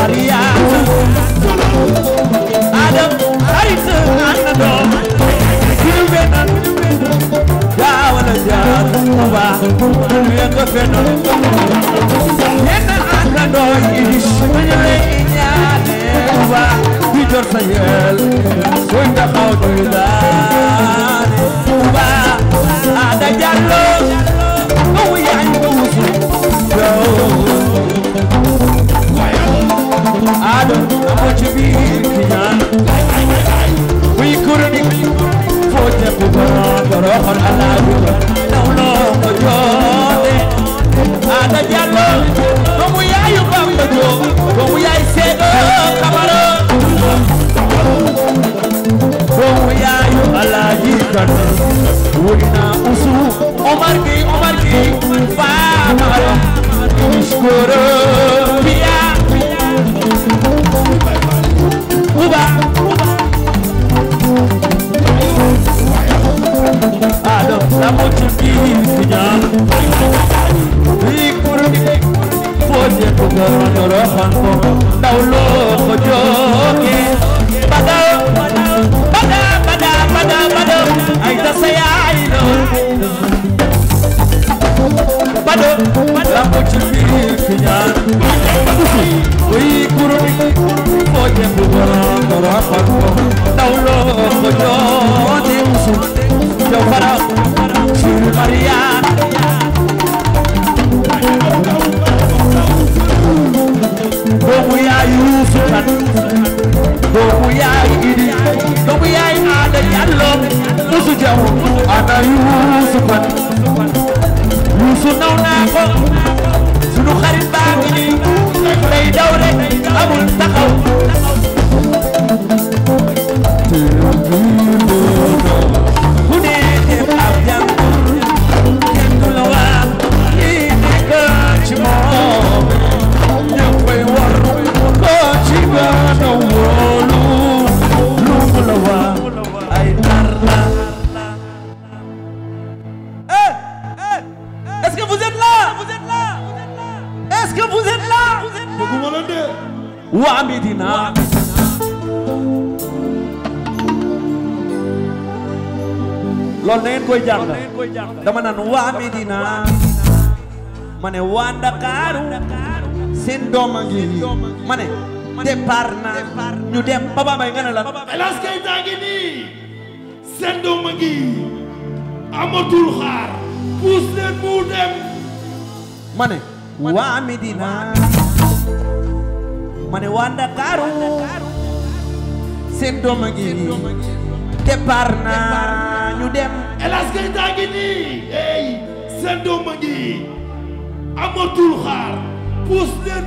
Maria Adam xarit ànd doom jiw be na jaawala jaar mu baax mu yëg ko fenn yenn ànd doo yi ma ñu lay ñaane mu baax di jor sa yel buñ taxaw di laane mu baax ada jàlloo ba mu yaay ba mu suuf Ado Amochi Bikinan We couldn't put the Buban Barak on Allah No, no, no, no Ada Diallo Como ya yo bamba yo Como ya ise do kamaro Como ya yo alaji kan Wurina usu Omar ki Omar ki Fa kamaro Mishkoro Biya Ay, da say I know. Bado lamb ci biir fi ñaar muy kuréel moo jëm bu borom rafet ko ndaw loo ko jox di musu jox faram ci Mariana doom a ma ne départ naa ñu dem Papa Mbaye nga ne lan Elaj Keita ngi nii seen doom a ngi amatul xaar puus leen mu dem ma ne waa Medina ma ne waa Ndakaaru seen doom a ngi départ naa ñu dem Elaj Keita ngi nii ey seen doom a ngi amatul xaar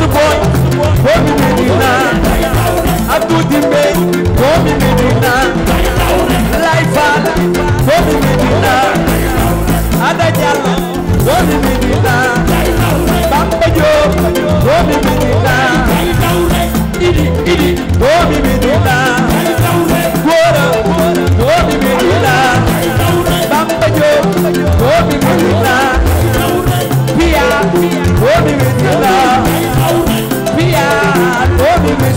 Youssou Boy doomi Medina Abdou Dimbe doomi Medina Lay Fall doomi Medina Ada Diallo doomi Medina Bamba Diop doomi Medina Idi Idi doomi Medina Gora doomi Medina Bamba Diop doomi Medina Pia doomi Medina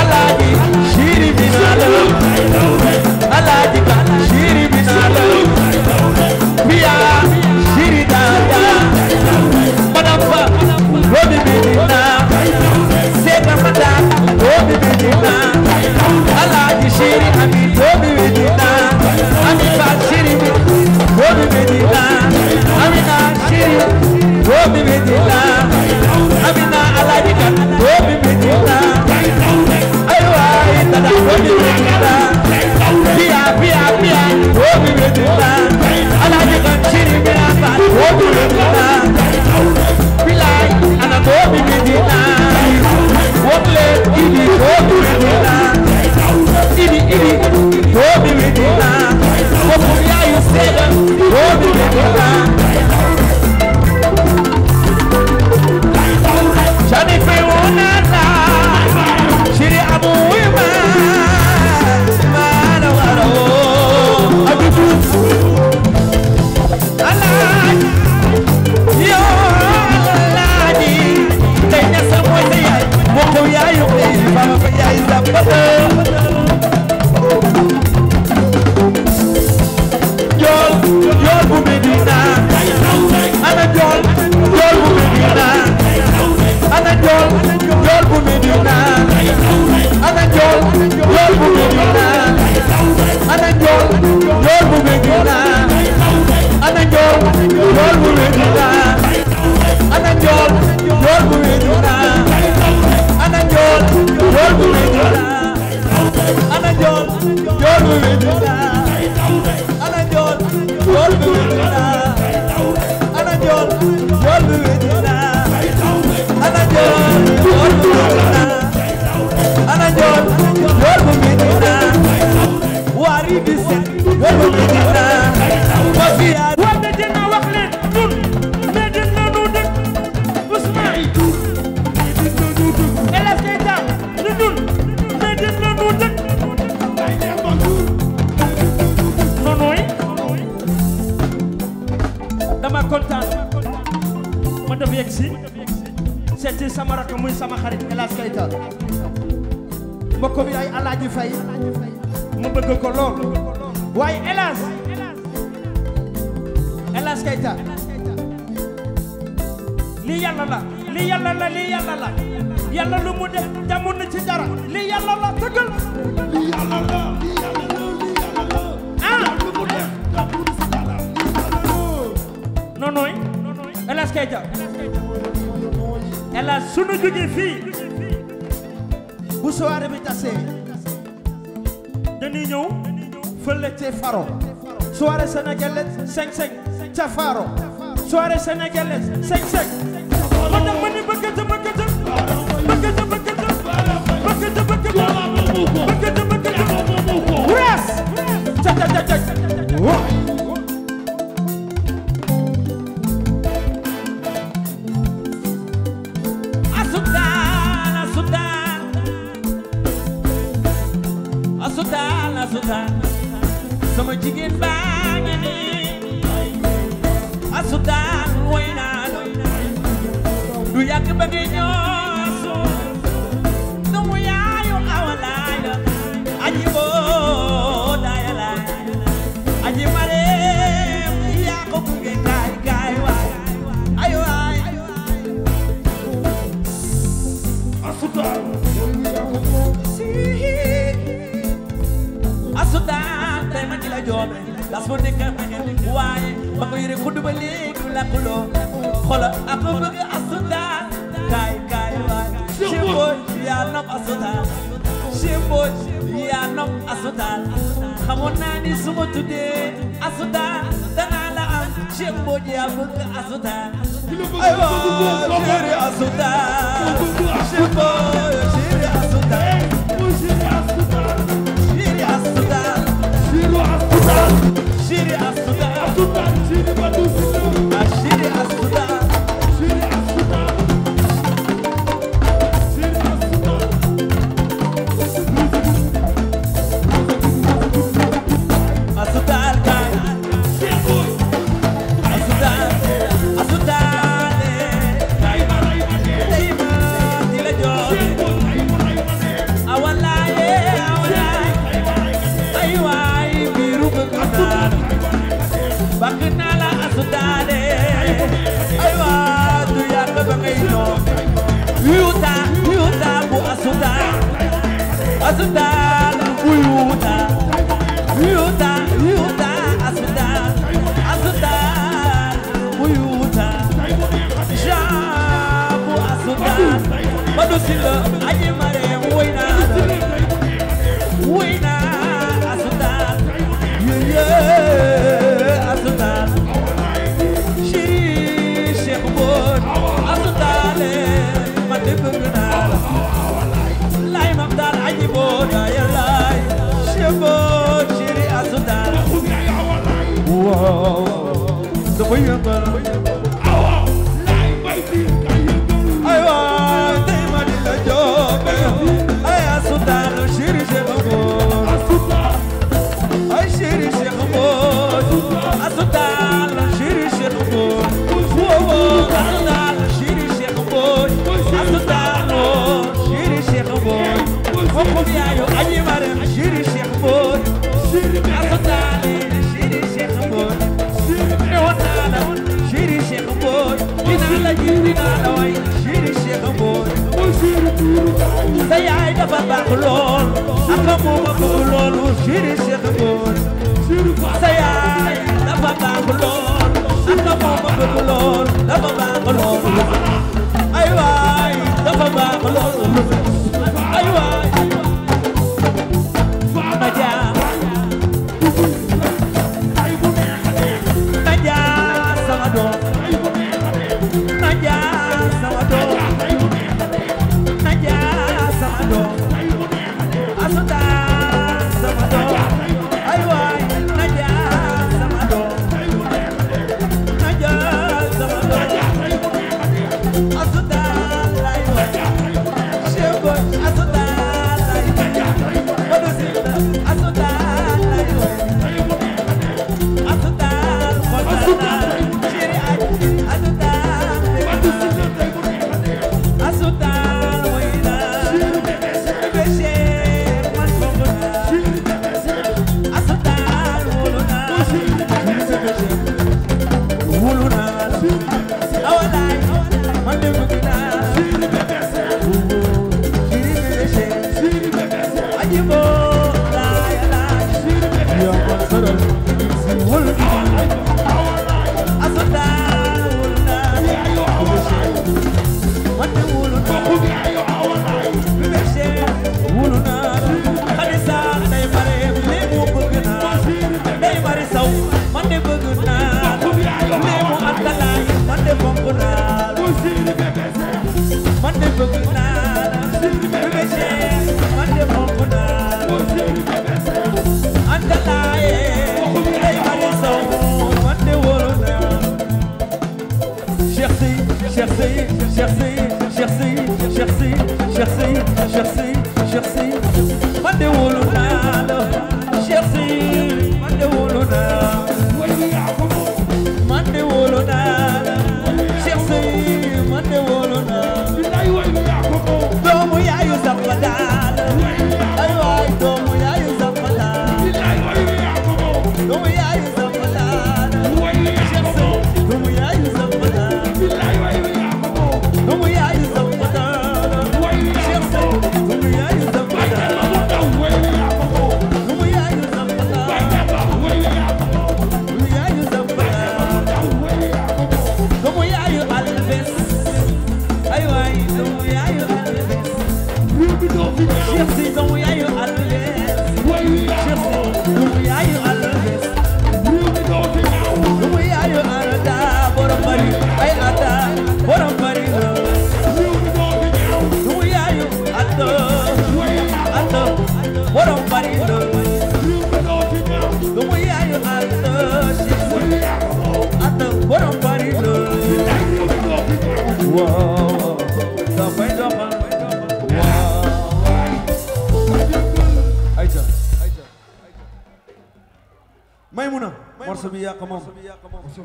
alaaji siiri mi naa la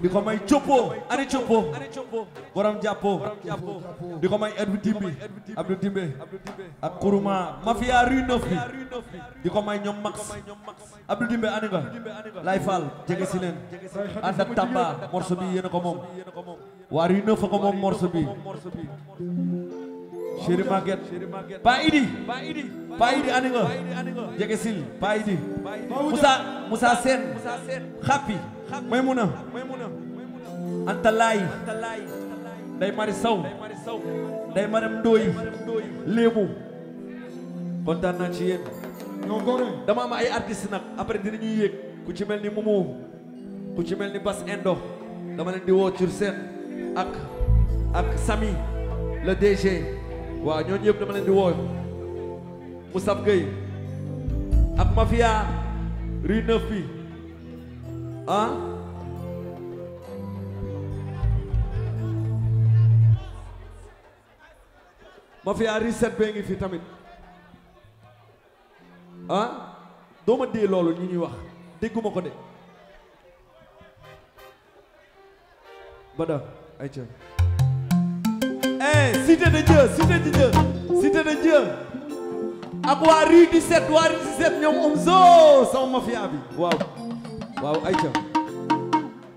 di ko may Coppo ani Coppo borom jàppo di ko may Edou Dimbi Abdou Dimbe ak Kuruma mafia Rue Neuf bi di ko may ñoom Max Abdou Dimbe ani nga lay Fall jege si leen ànd bi yéen a ko moom waa Rue Neuf a ko moom morceau bi Chéri Maguette Pa Idi Pa Idi nga jege sil Pa Idi Moussa Moussa Sène Maymuna Anta Laay Ndey Mari Sow Ndey Maram Ndooy léemu kontaan naa ci yéen dama am ay artistes nag après dinañuy yéeg ku ci mel ni Momo ku ci mel ni Bass Endo dama leen di woo sur scène ak ak Sami le DG waaw ñooñu yëpp dama leen di woo Moussa Gueye ak Mafia rue 9 ah ma fi bee ngi fi tamit ah dooma dee loolu ñu ñuy wax dégguma ko de bada ay ca eh cité de Dieu cité de Dieu ak waa rue 17 waa rue 17 ñoom om so sama mafia bi waaw waaw ayca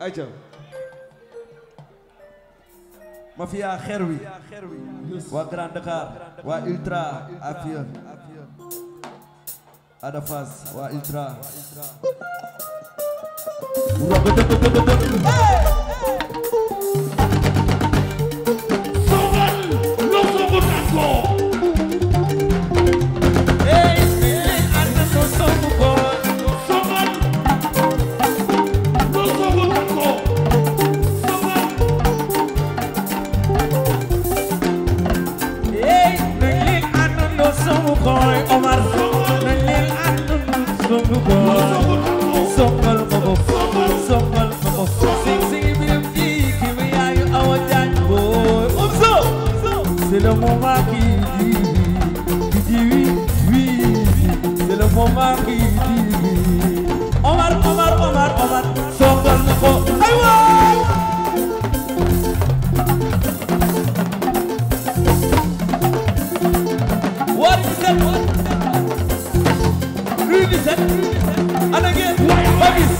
ayca mafia xer wi waa Grand Dakar waa ultra afia adafas waa ultra Tudo bom.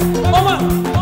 Omar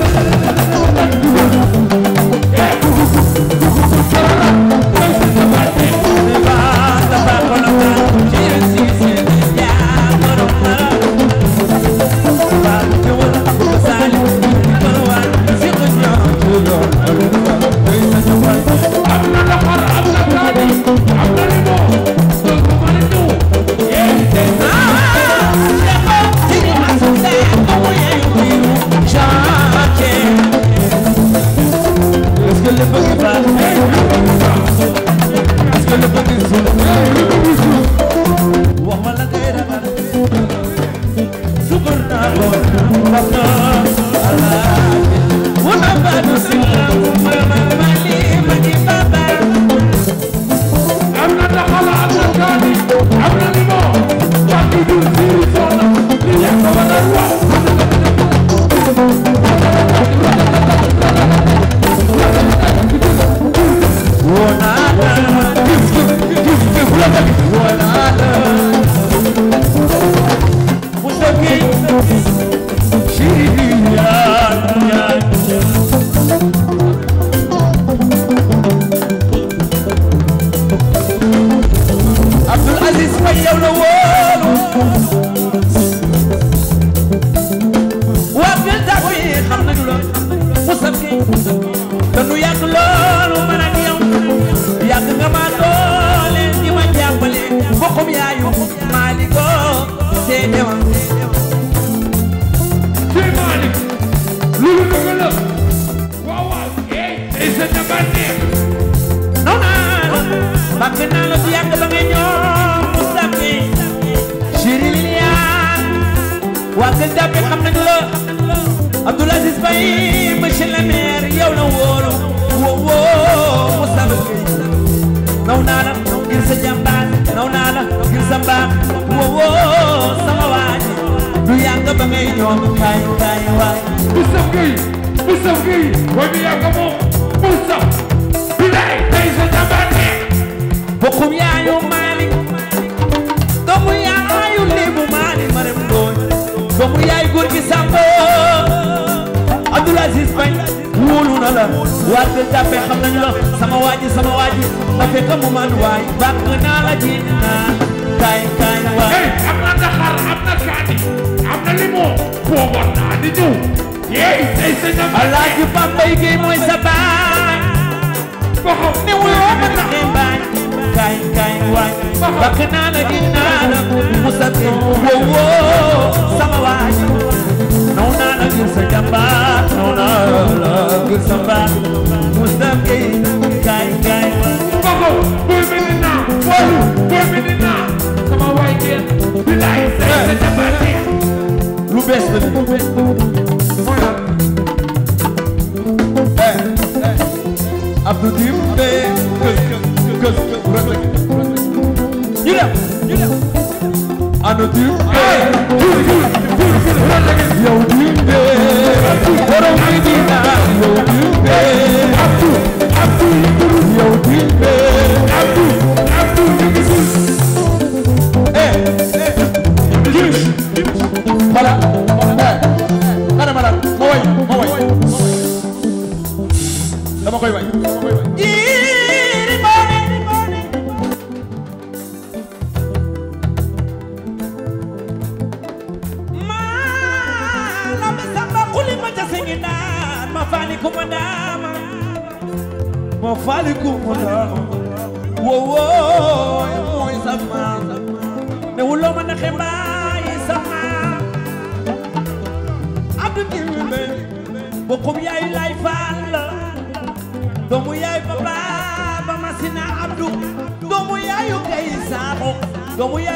saaxu doomu la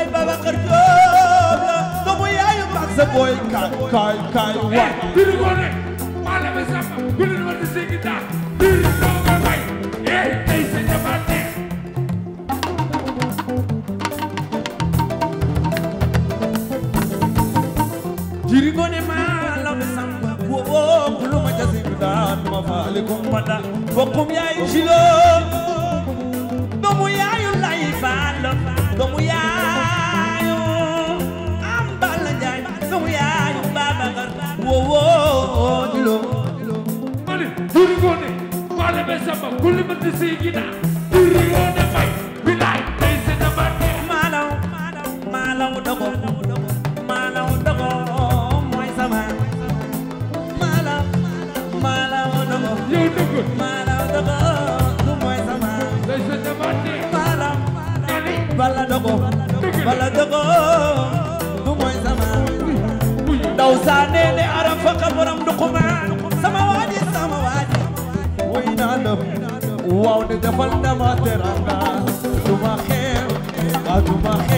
doomu yaay mag sa booy kaay maa la ma sàmm biri ma di sigi daa eh, maa la ma sàmm woo ku lu ma daan ma faale ko mbanda bokkum yaay jiloo doomu yaayu am balla njaay doomu yaayu Babacar woowoo dilo mani duri goone faale be samba kulli mati siigina duri goone may waaw ne defal na ma teranga du ma xeex a du ma xeex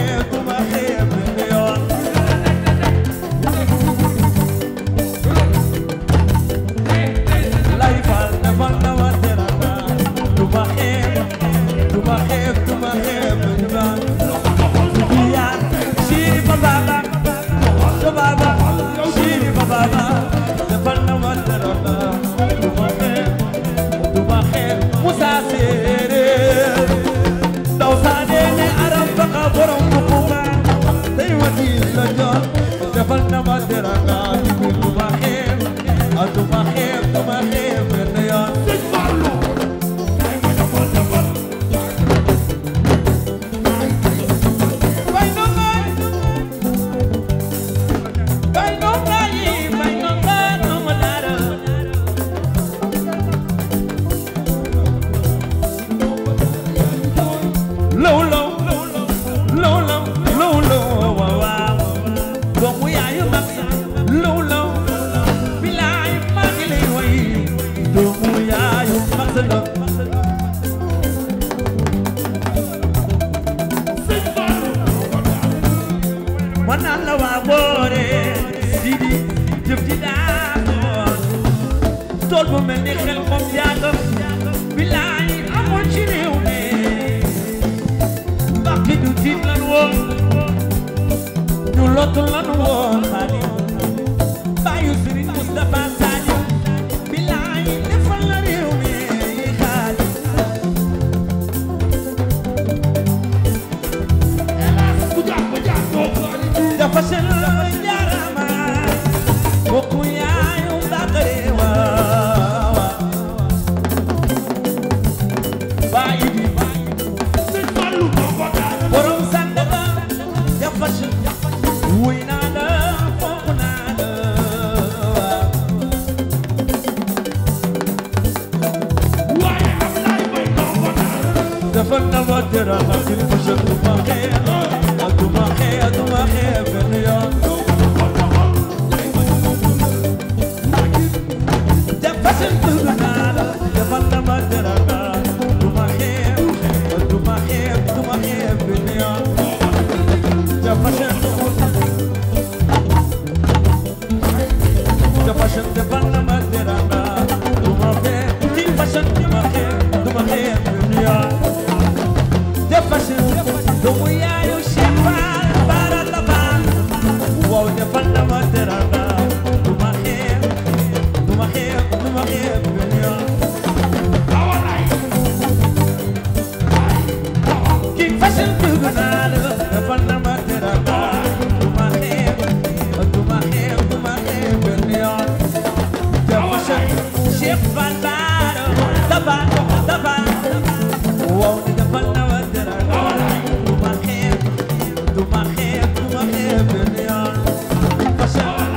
Hallelujah.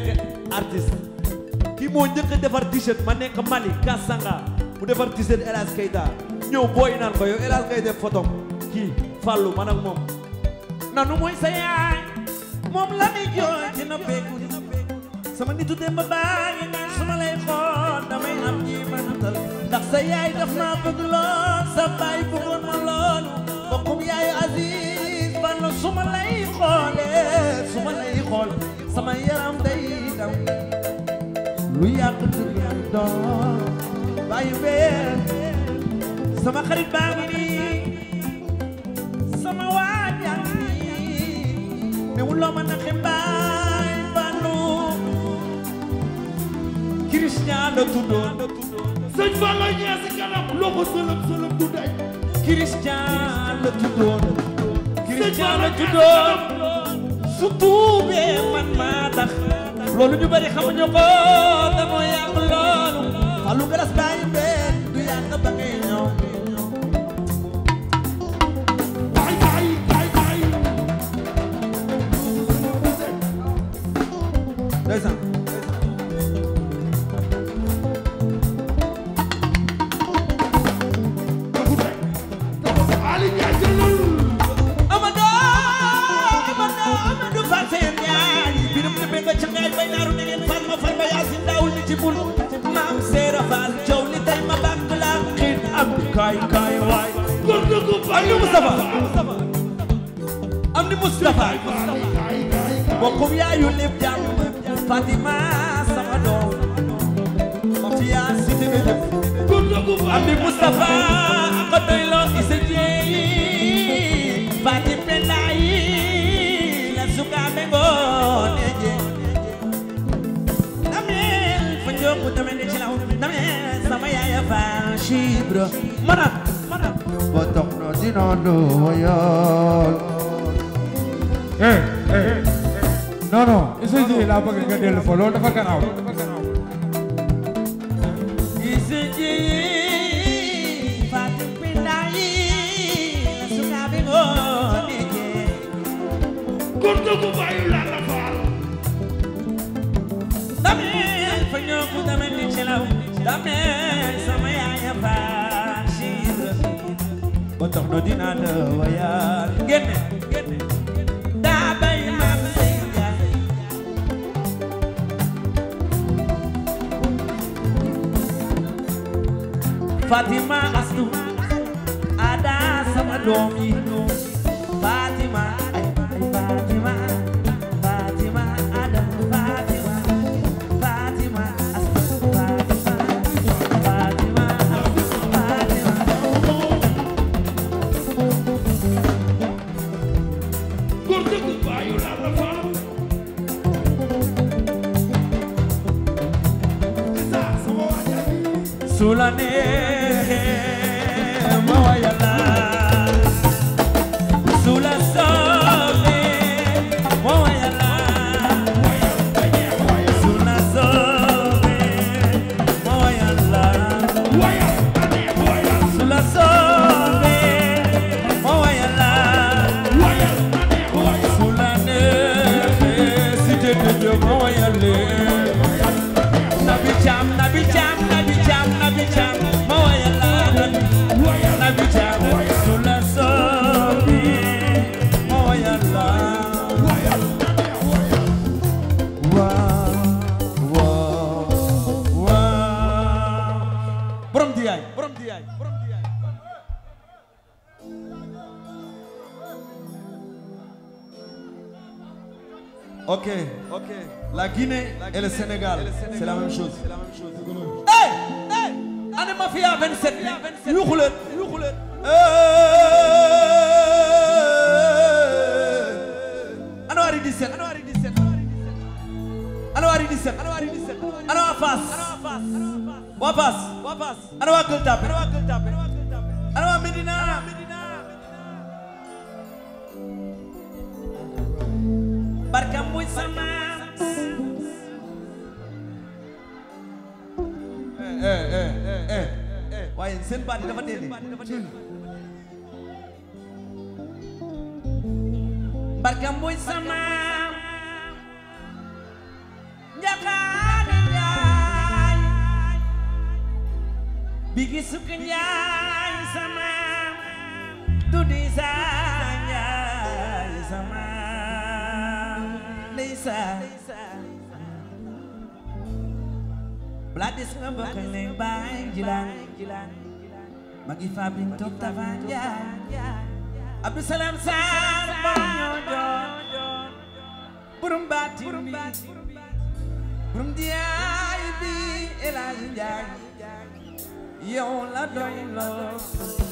nekk artiste kii moo njëkk a defar t-shirt ma nekk Mali Kassanga mu defar t-shirt El Hadj Keita ñëw booy naan ko yow El Hadj Keita photo kii Fallou man ak moom nanu mooy sa yaay moom la mi jooy ci na beeku sama nitu dem ba bàyyi naan su ma lay xool damay am ñi mënatal ndax sa yaay daf ma bëgg lool sa bëggoon ma lool bokkum yaayu Aziz ba na su lay xoole su lay xool sama yaram day daw lu yàq dëgg ak doom bàyyi sama xarit baa sama waa jàng nii newu loo ma naxe mbaay bànnu Christian la la ñee si kanam man maa tax loolu ñu bari xamuñu ko Cheikh Ibra mana mana ba na dina doo yal eh eh non non ise ji laa bëgg nga dellu fa loolu dafa garaaw ise ji kuntu ku bayu la la faal damel fa ñoo ni ci law damel tax do dina la wayal génne daa bay maam lay jaay Fatima Astou ada sama doom yi ifa bin toog tafaan jaay Abdou Salam Sarr borom ñoo doon borom baatin bi borom diyaay bi El Hadj Ndiaye yow la doy loo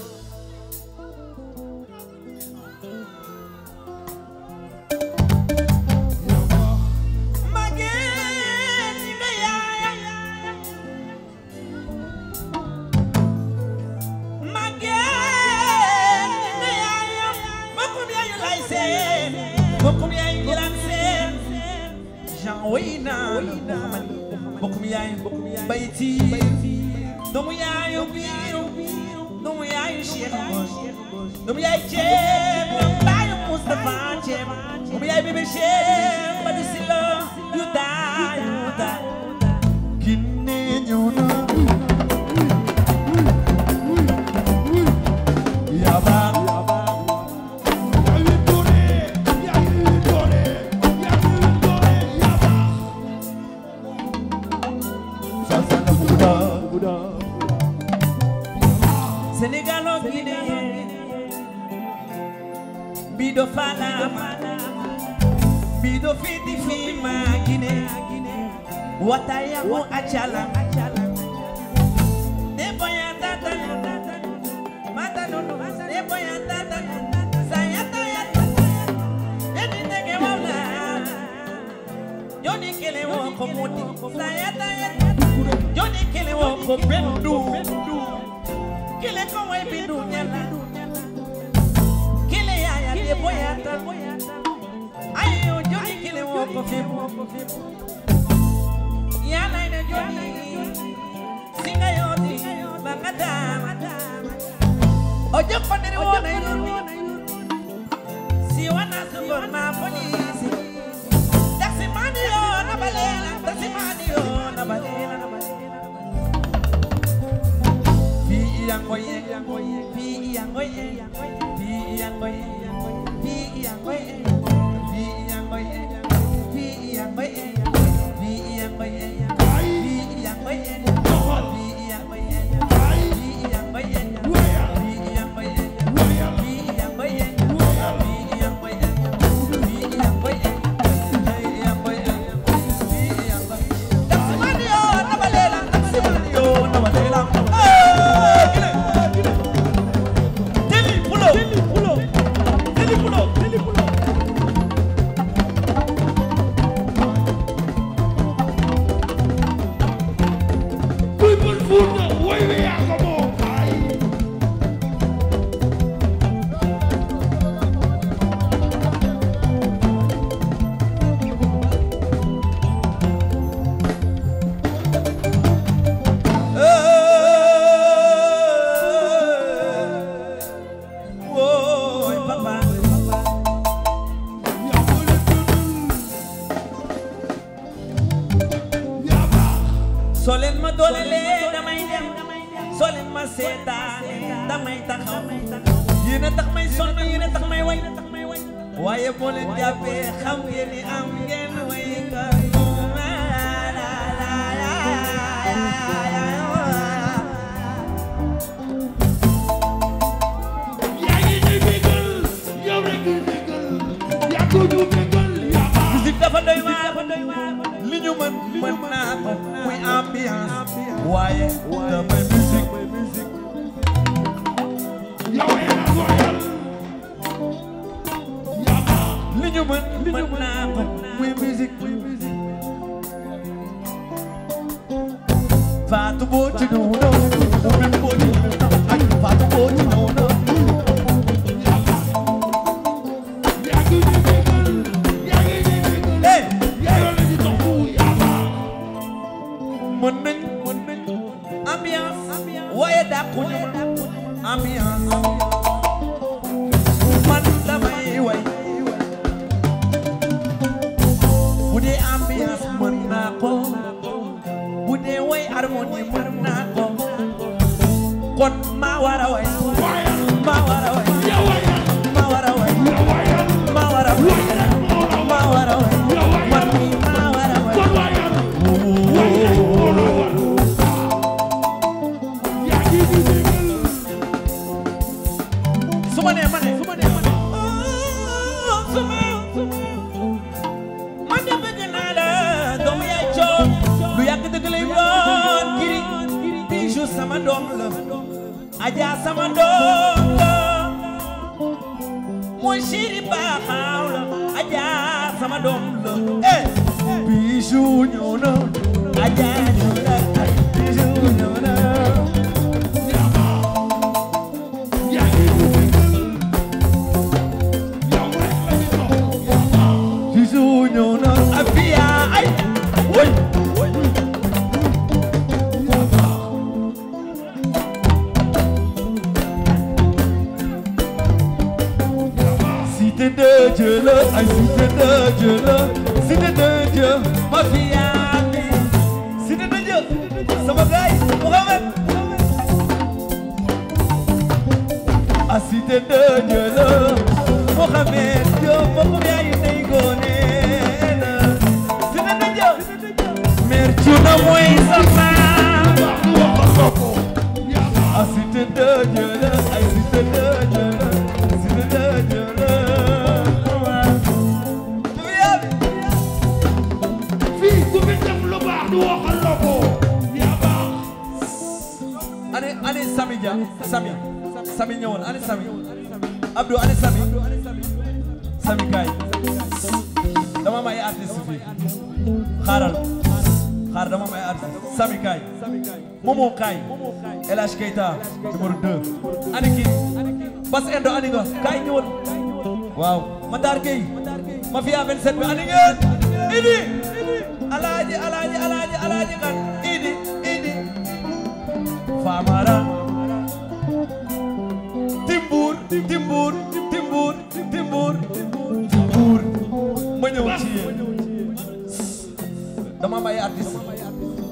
Buda. Sénégalo Guinée Bido Fala Bido Fiti Fima Guinée Wataya Mu Achala Deboya Tata Mata Nono Deboya Tata Sayata Yata Emi Tege Wala Yoni Kele Woko Mudi Sayata Yata joni kele wo ko ɓendu kele ko way ɓendu ñala kele yaya ɗe boyatal ayo joni kele wo ko fem yalayno joni singayoti bagadama o jokkondiri wonay si wona sugor ma foni ngoye bi ya ngoye bi ya ngoye bi ya ngoye bi ya ngoye bi ya ngoye bi ya ngoye bi ya ngoye Dieu la ay cité de Dieu la cité de Dieu mafia bi cité de Dieu sama gay ah, Mohamed a cité de Dieu la Mohamed Dieu bokk yaay tey gone la cité de Dieu mer Thiouna mooy sa maam a ah, cité de Dieu la ay cité de Sami Sami ñëwal ani Sami Abdou ani Sami Sami kaay dama may artiste fii xaaral xaar dama may artiste Sami kaay Momo kaay El Hadj Keita numéro 2 ani kii Bass Endo ani nga kaay ñëwal waaw Matar Gueye Mafia 27 bi ani ngeen idi alaaji alaaji alaaji alaaji kan idi idi Famara Timbour Timbour Timbour Timbour ma ñëw ci yéen dama may artiste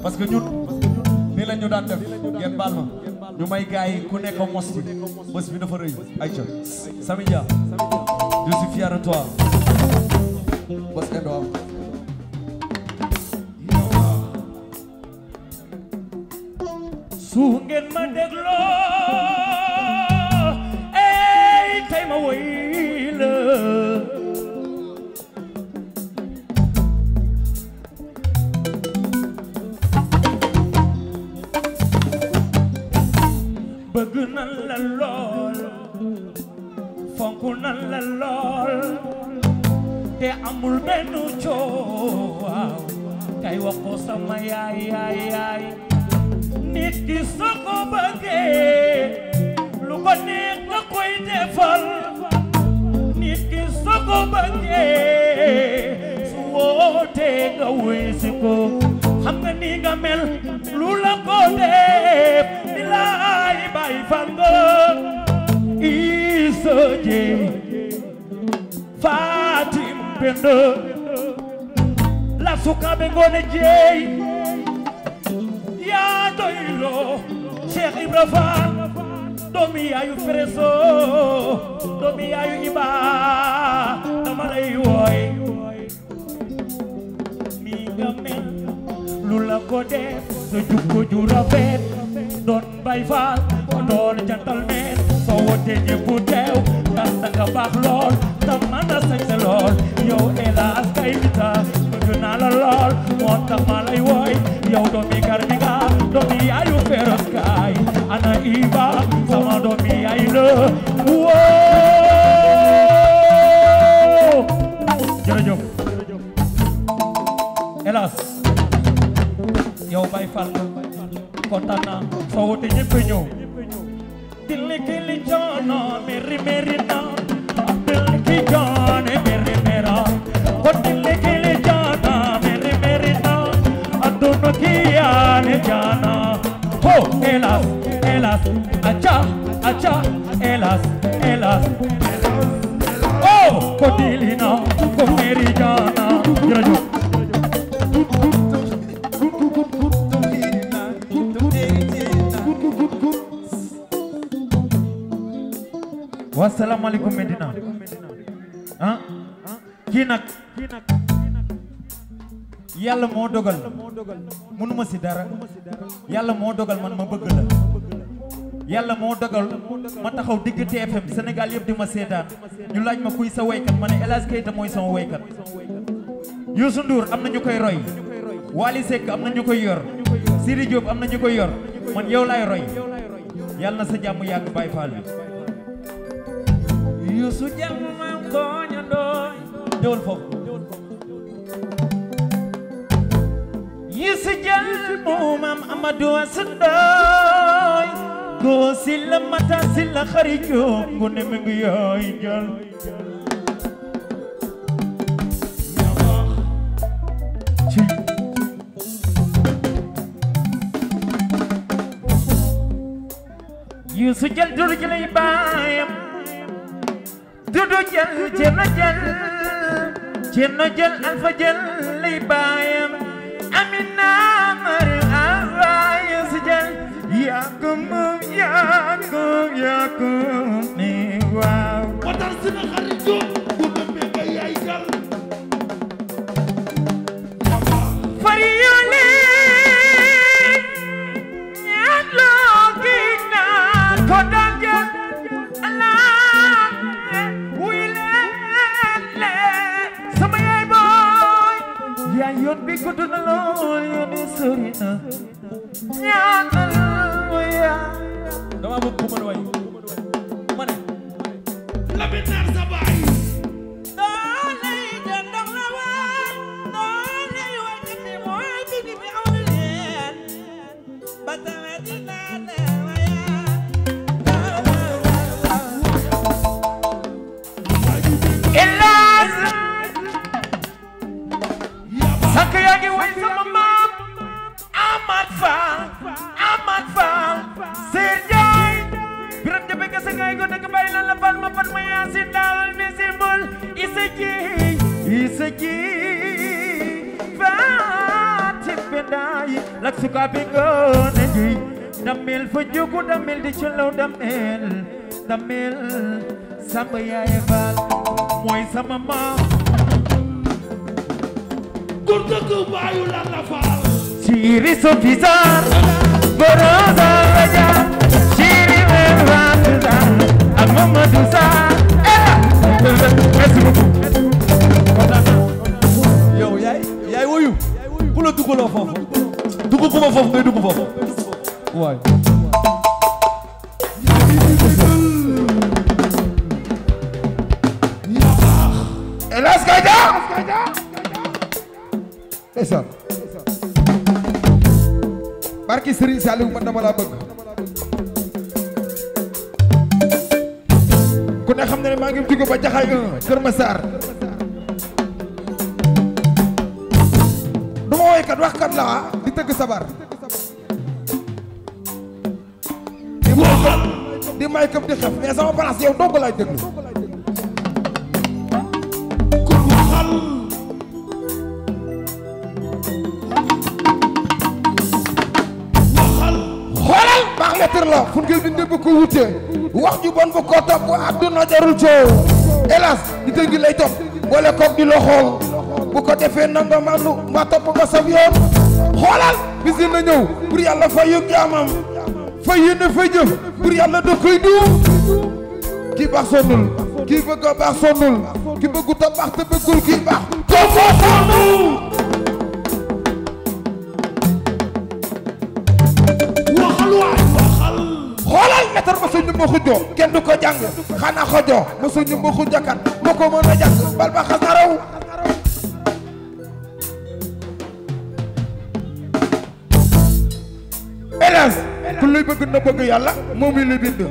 parce que ñun nii la ñu daan def ngeen baal ma ñu may gars yi ku nekk mos bi mos bi dafa rëy ayca Samy Dia je suis fier su ngeen ma dégloo te amul benn coow kay wax ko sama nit ki soo ko bëggee lu ko neex nga koy defal nit ki soo ko bëggee su wootee nga wuy si ko xam nga ni nga lu la ko def bilaay bay fanga iisa jéey penda la sukaɓe gone jeey ya doylo cheikh ibra fall ɗomi yayu freso ɗomi yayu iɓa ɗamalay woy mi gamel lula ko def no jukko ju rafet ɗon bay fall jantal men soo wootee ñëpp teew ndax danga baax lool te na sañse lool yow hélas kay bita bëgg naa la lool moo tax ma woy yow doomi garmi nga doomi yaayu feros ana iba sama doomi yaay la woo jërëjëf yow bay fal kontaan naa soo wootee ñëpp ñëw Oh, Cotilina, Comerigana, Gracias. waa salaamaaleykum Medina ah kii nag yàlla moo dogal mënuma si dara yàlla moo dogal man ma bëgg la yàlla moo dogal ma taxaw digg TFM Sénégal yëpp di ma seetaan ñu laaj ma kuy sa waykat ma ne El Hadj Keita mooy sama waykat Youssou Ndour am na ñu koy roy Wally Seck am na ñu koy yor Sidi Diop am na ñu koy yor man yow laay roy yàlla na sa jàmm yàgg Baye Fall bi Youssou Dieng maam Koña Ndoye ñëwal foofu Youssou Dieng mu maam Amadou Ass Ndoye goo si la mata la xarit yoo ngu ne mi ngi yooy jël Youssou Dieng dur ji lay baay du jël jenn jël jël alfa jël lay baayam amina mari awaay si jël yaa ko moom dama bëgg ku mën way damel samba yaaye baal mooy sama maam gurtëgg baayu la la faal siiri sofisar borosa la jaar siiri meen raat daal ak Mamadou Sarr merci beaucoup yow yaay yaay woyu ku la dugaloo foofu dugg kuma foofu ngay dugg foofu waay 1 Kër Massar du ma woykat waxkat la ah, di tëgg sabar di woykat di xef mais sama place yow dong laay déglu kon waxal waxal xoolal baax lettre la fun ngil bi ndébb ko wute wax ju bon bu ko topp àdduna jarul coow hélas di dëng lay topp boole koog di la bu ko defee nanga mandu mbaa topp nga sab xoolal bis dina ñëw pour yàlla fayu jaamam fay yéene fay jëf yàlla da koy duum kii baax sonnul kii bëgg a baax sonnul ki bëggut a baax te kii baax kon moo sonnul xoolal metar ba sa ma xujjoo du ko jàng xanaa xojo ku luy bëgg na bëgg yàlla moom mi bind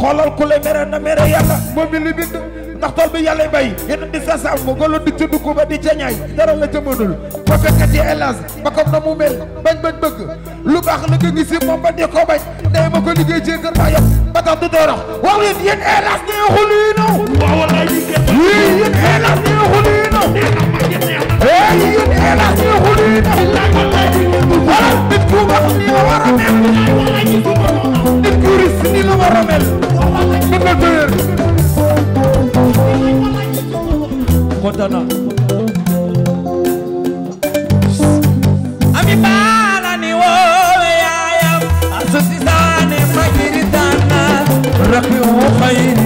xoolal ku lay mere na mere yàlla moom mi bind ndax tool bi yàlla bay yeneen di sa sàmm golo di ci dugg ba di ca ñaay dara la ca mënul ba fekkat yi hélas ba na mu mel bañ bañ bëgg lu baax la nga ngi moom ba di ko bañ ndey ma ko liggéey ci kër ba yëpp of the door. What is yet elas ni hulino? Yet elas ni hulino. Hey, yet elas ni hulino. Waral nit ku baax ni la war a mel. Nit ku ris ni la war a mel. Nit ku bëër. Kontaan naa. Ami baa. رفيع خير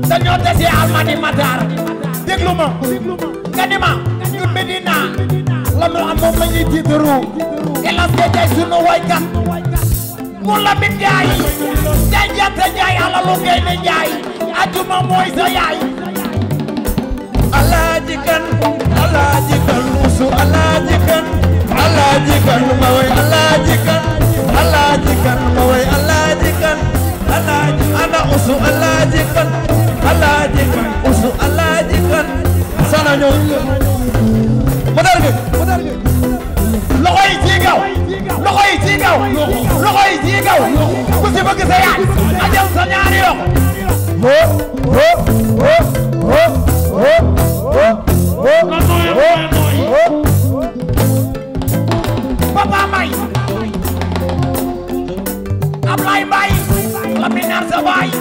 dañoo dese almadi matar déglu ma nga ni ma ñu Medina la nu am moom la ñuy tiitaru elas de jaay sunu waykat mu Lamin Njaay jaay jaata jaay alalu ngay ne jaay ajuma mooy sa yaay alaaji kan alaaji kan musu alaaji kan alaaji kan ma way alaaji kan alaaji kan ma way alaaji kan alaaji ana usu alaaji kan alaaji kan usu alaaji kan sana ñëw ma dal bi ma dal bi loxo yi ci kaw loxo yi ci kaw loxo yi ci kaw ku ci bëgg sa yaat a jël sa ñaari loxo ho ho ho ho ho ho ho Papa May Ablaye Mbaye Lamine Arsa Mbaye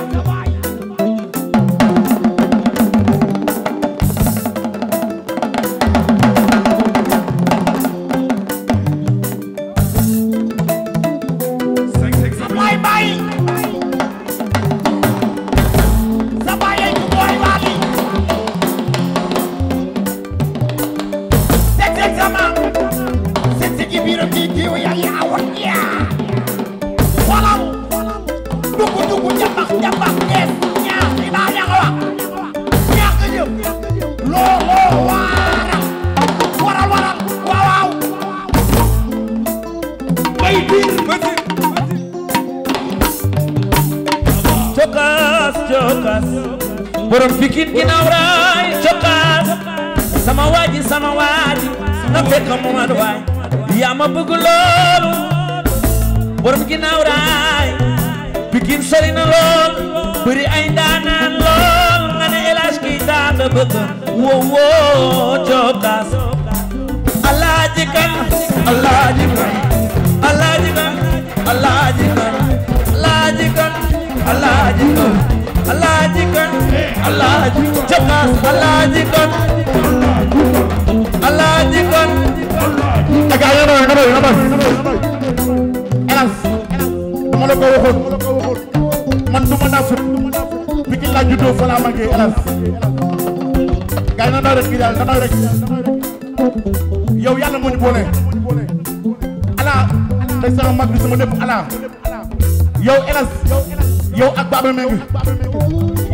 Babel Meng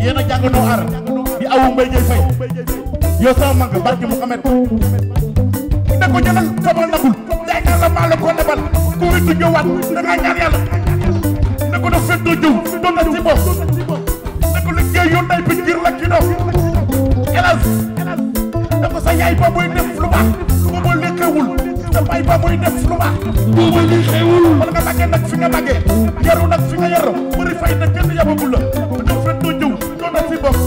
yéen a jàngandoo ar di awu mbay jëy fay yow sama mag barke Mouhamed ne ko jëlal kamal nagul day nga la maa la ko lebal ku wétu ñëwaat da ngaa ñaan yàlla ne ko def fet doo jëw doon na ci bopp ne ko liggéey yoon day bi ngir la ki dof elas ne ko sa yaay ba muy def lu baax bàyyi ba muy def lu baax buuba li xewul wala nga màggee nag fi nga màggee yaru nag fi nga yaru bëri fay nag kenn yabagul la te def rek doo jëw doo nag fi bopp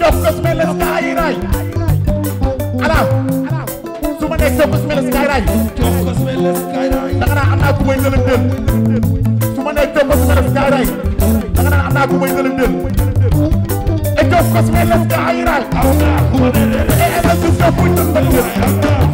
jox ko smeles kaay raay ala su ma nee jox ko smeles kaay raay jox ko smeles kaay raay da nga naan am naa ku may lëlëm del su ma nee jox ko smeles kaay raay da nga naan am naa ku may lëlëm del e jox ko smeles kaay raay am naa ku may lëlëm del e jox ko smeles kaay raay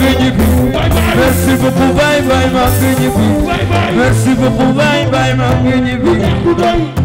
Merci beaucoup, bye bye, ma Merci beaucoup, bye